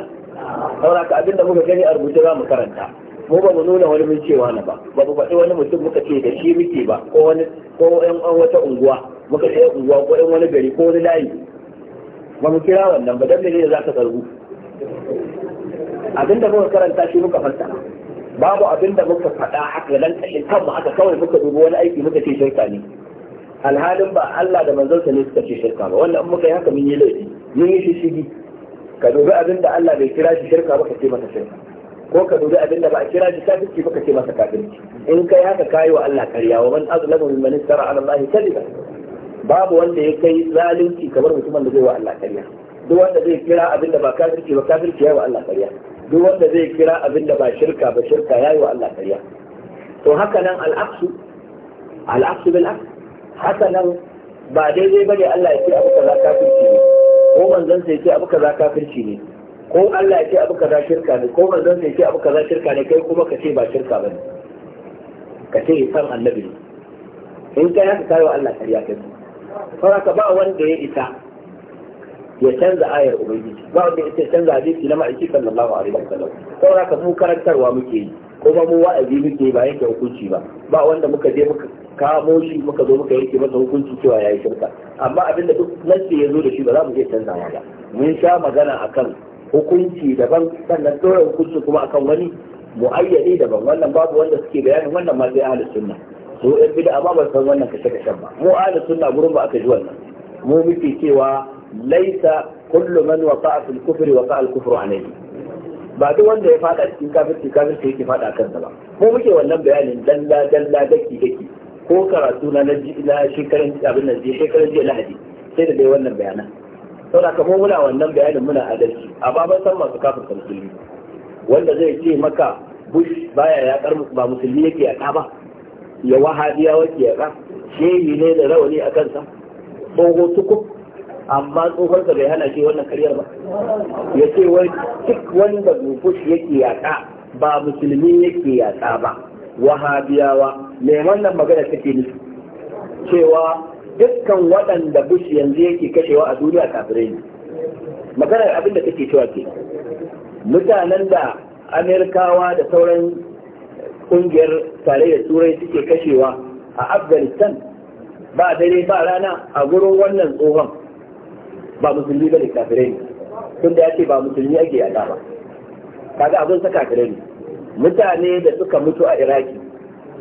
saboda ka abin da muka gani a rubuce za mu karanta mu ba mu nuna wani mun cewa na ba ba mu faɗi wani mutum muka ce da shi muke ba ko wani ko ɗan an wata unguwa muka ce unguwa ko ɗan wani gari ko wani layi ba mu kira wannan ba dan ne za ka karbu abinda muka karanta shi muka fassara babu abinda muka faɗa haka nan tsayin kanmu haka kawai muka dubi wani aiki muka ce shirka ne alhalin ba Allah da manzansa ne suka ce shirka ba wanda in muka yi haka mun yi laifi mun yi shishigi ka dubi abinda Allah bai kira shi shirka ba ka ce masa shirka ko ka dubi abinda ba a kira shi kafirci ba ka ce masa kafirci in kai haka kayi wa Allah karya wa man azlamu mimman istara ala Allah kadiba babu wanda ya kai zalunci kamar mutumin da zai wa Allah karya duk wanda zai kira abin da ba kafirci ba kafirci yayi wa Allah ƙarya duk wanda zai kira abin da ba shirka ba shirka yayi wa Allah ƙarya to haka nan al'aqsu al'aqsu bil aqs haka nan ba daidai bane Allah ya ce abu kaza kafirci ne ko manzon sai ya ce abu kaza kafirci ne ko Allah ya ce abu kaza shirka ne ko manzon sai ya ce abu kaza shirka ne kai kuma ka ce ba shirka bane ka ce san annabi in kai haka kai wa Allah ƙarya kai saboda ba wanda ya isa ya canza ayar ubangiji ba wanda ya canza hadisi na ma'aiki sallallahu alaihi wasallam da ka mu karantarwa muke yi ko ba mu wa'azi muke ba yake hukunci ba ba wanda muka je muka kamo shi muka zo muka yanke masa hukunci cewa yayi shirka amma abin da duk nasi ya zo da shi ba za mu iya canza ba mun sha magana akan hukunci daban sannan dole hukunci kuma akan wani muayyadi daban wannan babu wanda suke bayani wannan ma sai ahli sunna so in bid'a ba ba san wannan kashe kashen ba mu ahli sunna gurin ba aka ji wannan mu muke cewa laisa كل من وقع في kufri وقع الكفر kufru alayhi ba duk wanda ya fada cikin kafirci kafirci yake fada kansa ba ko muke wannan bayanin dalla dalla daki daki ko karatu na na shekaran abin nan shekaran jiya lahadi sai da dai wannan bayanan saboda mu muna wannan bayanin muna adalci a baban san masu kafir musulmi wanda zai ce maka bush baya ya kar ba musulmi yake yaka ba ya wahabiya wake yaka shehi ne da rawani a kansa tsoho tukuk amma tsofarsa bai hana shi wannan karyar ba ya ce wai duk wanda bufush yake yaƙa ba musulmi yake yaƙa ba wahabiyawa mai wannan magana take nufi cewa dukkan waɗanda bush yanzu yake kashewa a duniya kafirai ne maganar abin da take cewa ke mutanen da amerikawa da sauran ƙungiyar tarayyar turai suke kashewa a afghanistan ba dare ba rana a gurin wannan tsohon ba musulmi ba ne kafirai ne da ya ce ba musulmi ake yada ba kaga abin sa kafirai ne mutane da suka mutu a iraki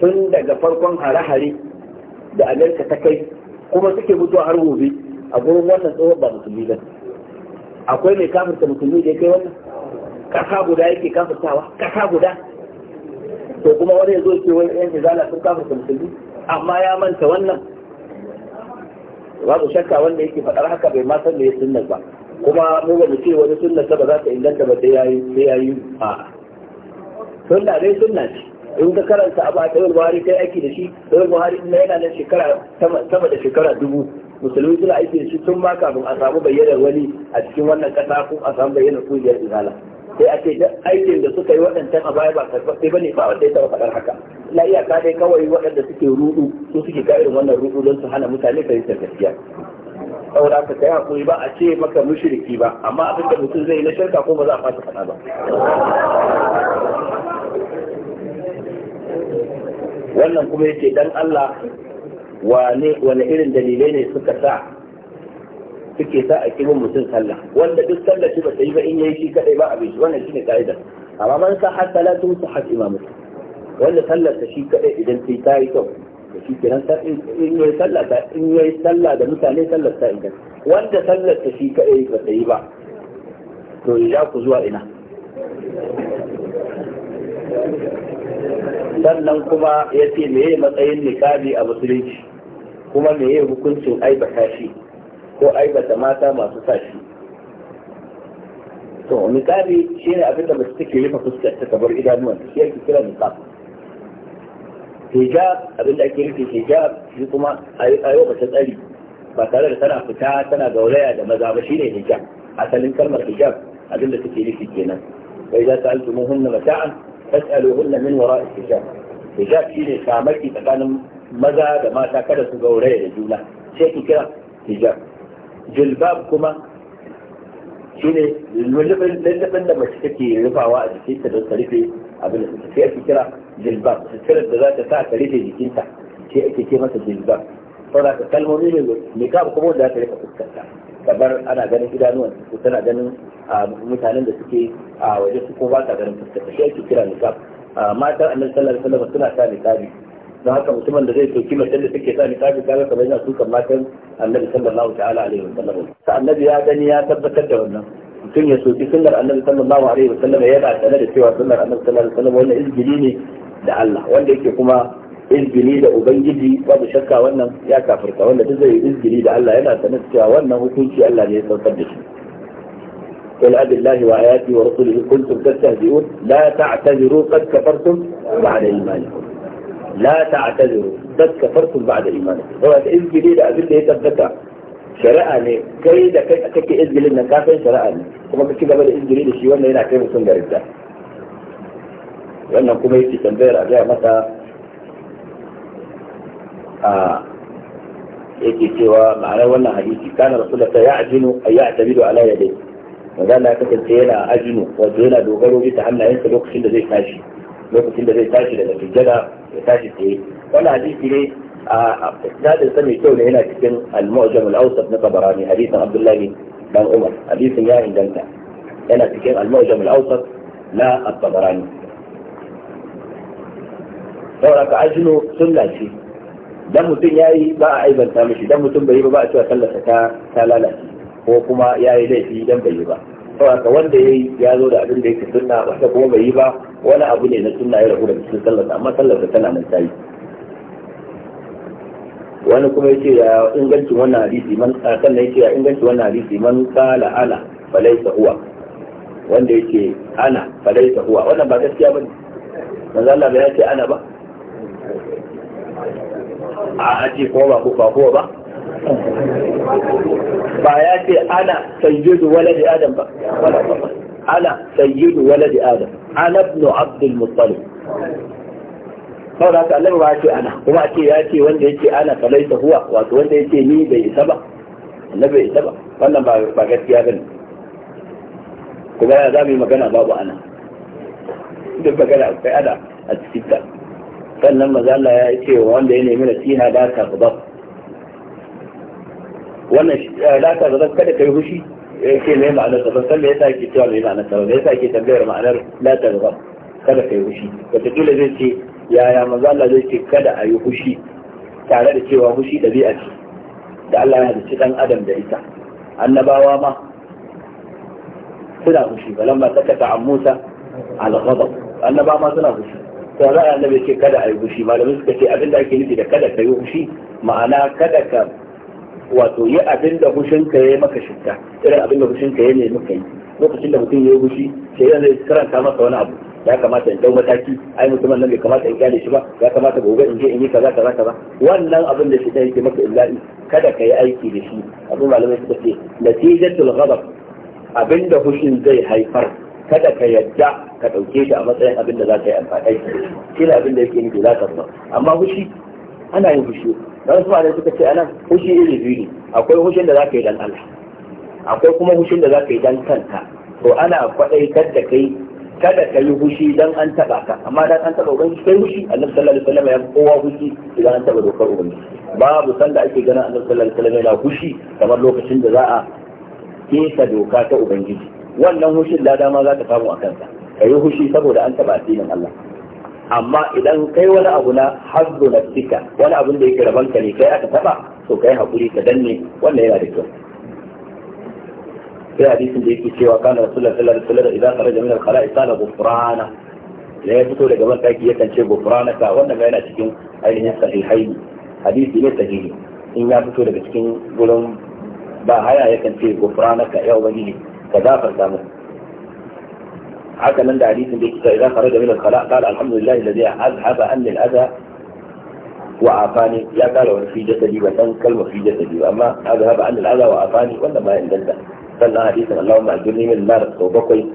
tun daga farkon hare-hare da amerika ta kai kuma suke mutu har gobe a gurin wannan tsohon ba musulmi ba akwai mai kafirta musulmi da ya kai wannan kasa guda yake kafirtawa kasa guda to kuma wani ya zo ce wani yanke izala sun kafirta musulmi amma ya manta wannan babu shakka wanda yake faɗar haka bai ma san da ya sunna ba kuma mu ba mu ce wani sunna ta ba za ta inganta ba sai yayi sai yayi a sunna dai sunna ce in ka karanta abu a tsawon buhari kai aiki da shi tsawon buhari ina yana nan shekara sama da shekara dubu musulmi suna aiki da shi tun ma kafin a samu bayyanar wani a cikin wannan kasa ko a samu bayyanar kungiyar izala sai a aikin da suka yi waɗancan a baya ba karɓaɓɓe ba ne ba wanda ya taɓa faɗar haka la iyaka dai kawai waɗanda suke rudu su suke irin wannan rudu don su hana mutane fahimtar gaskiya saboda haka kai hakuri ba a ce maka mushriki ba amma abin da mutum zai yi na shirka ko ba za a fasa faɗa ba wannan kuma yake dan Allah wane irin dalilai ne suka sa suke sa a kimin mutum sallah wanda duk sallah shi ba ta yi ba in yayi shi kadai ba abin shi wannan shine ka'ida amma man sa har salatu su har imamu wanda sallar ta shi kadai idan sai ta yi kyau da shi kiran in yayi sallah ta in yayi sallah da mutane sallar ta idan wanda sallar ta shi kadai ba ta yi ba to ya ku zuwa ina sannan kuma ya ce meye matsayin nikabi a musulunci kuma meye hukuncin aibata shi ko aibata mata masu sashi to shi ne abin da mace take rufe fuskar ta kabar idanuwan shi yake kira niqab hijab abin da ake rufe hijab shi kuma ayo mace tsari ba tare da tana fita tana gauraya da maza ba shi ne hijab asalin kalmar hijab abin da take rufe kenan wa idza sa'altumuhunna mata'an hunna min wara'i hijab hijab shi ne kamaki tsakanin maza da mata kada su gauraya da juna sai ki kira hijab jilbab kuma shi ne lullubin da mace take rufawa a jikinta don ta rufe abin da sai ake kira jilbab suturar da za ta sa ta rufe jikinta ce ake ce masa jilbab saboda ka kalmomi ne mai kama kuma wanda ta rufe fuskarta kamar ana ganin idanuwan su tana ganin mutanen da suke a waje su ko ba ta ganin fuskar shi ake kira niqab matan annabi sallallahu alaihi wasallam suna sa niqabi don haka mutumin da zai ɗauki macen da suke sa niqabi kaga kamar yana sukan matan annabi sallallahu ta'ala alaihi wasallam ta annabi ya gani ya tabbatar da wannan mutum ya soki sunnar annabi sallallahu alaihi wasallam yana tare da cewa sunnar annabi sallallahu alaihi wasallam wannan izgili ne da Allah wanda yake kuma izgili da ubangiji babu shakka wannan ya kafirta wanda duk zai izgili da Allah yana sanar cewa wannan hukunci Allah ne ya saukar da shi قل أب الله وآياته ورسله كنتم تستهزئون لا تعتذروا قد كفرتم بعد إيمانكم la ta'tadiru dakka farkun ba'da imani saboda izgili da abin da ya tabbata shari'a ne kai da kai kake izgilin nan shari'a ne kuma ka ci gaba da izgili da shi wannan yana kai mutum ga ridda wannan kuma yake tambayar a gaya masa a yake cewa ma'anar wannan hadisi kana rasulullah ta ya'jinu ay ya'tabidu ala yadayhi manzo Allah ya kasance yana ajinu wato yana dogaro bisa hannayensa lokacin da zai tashi lokacin da zai tashi daga sujjada ya tashi tsaye wani hadisi ne a isnadin sa mai kyau ne yana cikin al-mu'jam al-awsat na tabarani hadisin abdullahi dan umar hadisin ya inganta yana cikin al-mu'jam al-awsat na at-tabarani saboda ka ajino sunna ce dan mutum yayi ba a aibanta mishi dan mutum bai yi ba a cewa sallarsa ta ta lalace ko kuma yayi laifi dan bai yi ba saboda wanda yi ya zo da abin da yake sunna wanda kuma bai yi ba wani abu ne na sunna ya rabu da cikin sallar amma sallar tana nan tayi wani kuma yace ya ingancin wannan hadisi man sannan yace ya ingancin wannan hadisi man qala ana falaysa huwa wanda yake ana falaysa huwa wannan ba gaskiya bane manzo Allah bai yace ana ba a aji ko ba ko ba ba ya ce ana sayyidu waladi adam ba ana sayyidu waladi adam ana ibn abdul muttalib saboda haka annabi ba ce ana kuma a ce ya ce wanda yake ana falaita huwa wato wanda yake ni bai isa ba annabi bai isa ba wannan ba gaskiya bane kuma ya zamu yi magana babu ana duk magana akwai ana a cikin ta sannan maza Allah ya ce wanda ya nemi nasiha da ka ba wannan la ta zaba kada kai hushi yake eh, mai ma'anar sa ban san me yasa yake cewa mai ma'anar sa me yasa yake tambayar ma'anar la ta zaba kada kai fushi. wata dole zai ce yaya manzo Allah zai ce kada a yi fushi? tare da cewa fushi dabi'a ce da Allah ya halicci dan adam da ita annabawa ma suna hushi balamma sakata an Musa al-ghadab annabawa ma suna fushi. to za a annabi ce kada a yi fushi? malamin suka ce abinda ake nufi da kada ka yi hushi ma'ana kada ka wato yi abin da hushinka ya yi maka shitta irin abin da hushinka ya nemi ka yi lokacin da mutum ya yi hushi sai yanzu ya karanta masa wani abu ya kamata in dau mataki ai mutumin nan bai kamata in kyale shi ba ya kamata gobe in je in yi kaza kaza kaza wannan abin da shitta yake maka illa'i kada ka yi aiki da shi abin malamai suka ce natijatul ghadab abin da hushin zai haifar kada ka yadda ka ɗauke shi a matsayin abin da za ka yi amfani shi ne abin da yake nufi za ka amma hushi ana yin fushi da wasu ma'ana suka ce anan fushi iri biyu ne akwai fushin da za ka yi dan Allah akwai kuma fushin da za ka yi dan kanka to ana kwadai da kai kada ka yi fushi dan an taɓa ka amma dan an taɓa ubangiji kai fushi annabi sallallahu alaihi wasallam ya kowa fushi idan an taɓa dokar ubangiji babu sanda ake ganin annabi sallallahu alaihi wasallam yana fushi kamar lokacin da za a kesa doka ta ubangiji wannan hushin da dama za ka samu a kanka ka yi hushi saboda an taɓa sinin Allah amma idan kai wani abu na na nafsika wani abin da yake rabanka ne kai aka taba to kai hakuri ka danne wannan yana da kyau sai hadisin da yake cewa kana rasulullahi sallallahu alaihi wasallam idan kharaja min al-khala'i sala ghufrana da ya fito daga banɗaki yakan ce gufrana ka wannan yana cikin ainihin sahihai hadisi ne sahihi in ya fito daga cikin gurin ba haya yakan ce gufrana ka yau wani ne ka gafarta mu haka da hadisin da yake idan kharaja min al-khala qala alhamdulillah alladhi azhaba anni al-adha wa afani ya kala wani fi jasadi ba san kalma fi jasadi ba amma azhaba anni al-adha wa afani wannan ba inganta sannan hadisin Allahumma ajirni min nar sau bakwai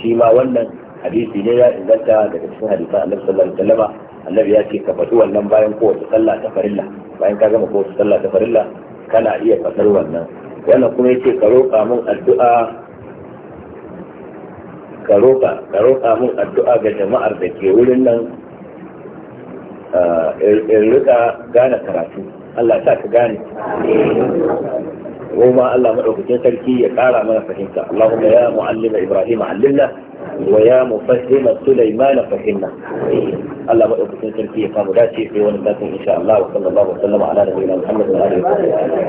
shi ma wannan hadisi ne ya inganta daga cikin hadisan Annabi sallallahu alaihi wasallam Annabi ya ce ka faɗi wannan bayan kowace sallah ta farilla bayan ka gama kowace sallah ta farilla kana iya faɗar wannan wannan kuma yace ka roƙa mun addu'a ka roƙa ka roƙa mun addu'a ga jama'ar da ke wurin nan ah, in rika gane karatu Allah sa ka gane ma Allah madaukakin sarki ya ƙara mana fahimta Allahumma ya mu'allima Ibrahim allimna wa ya mufassima Sulaiman fahimna Allah madaukakin sarki ya samu dace sai wani satin insha Allah wa sallallahu alaihi wa sallam ala nabiyina Muhammad wa alihi wa sahbihi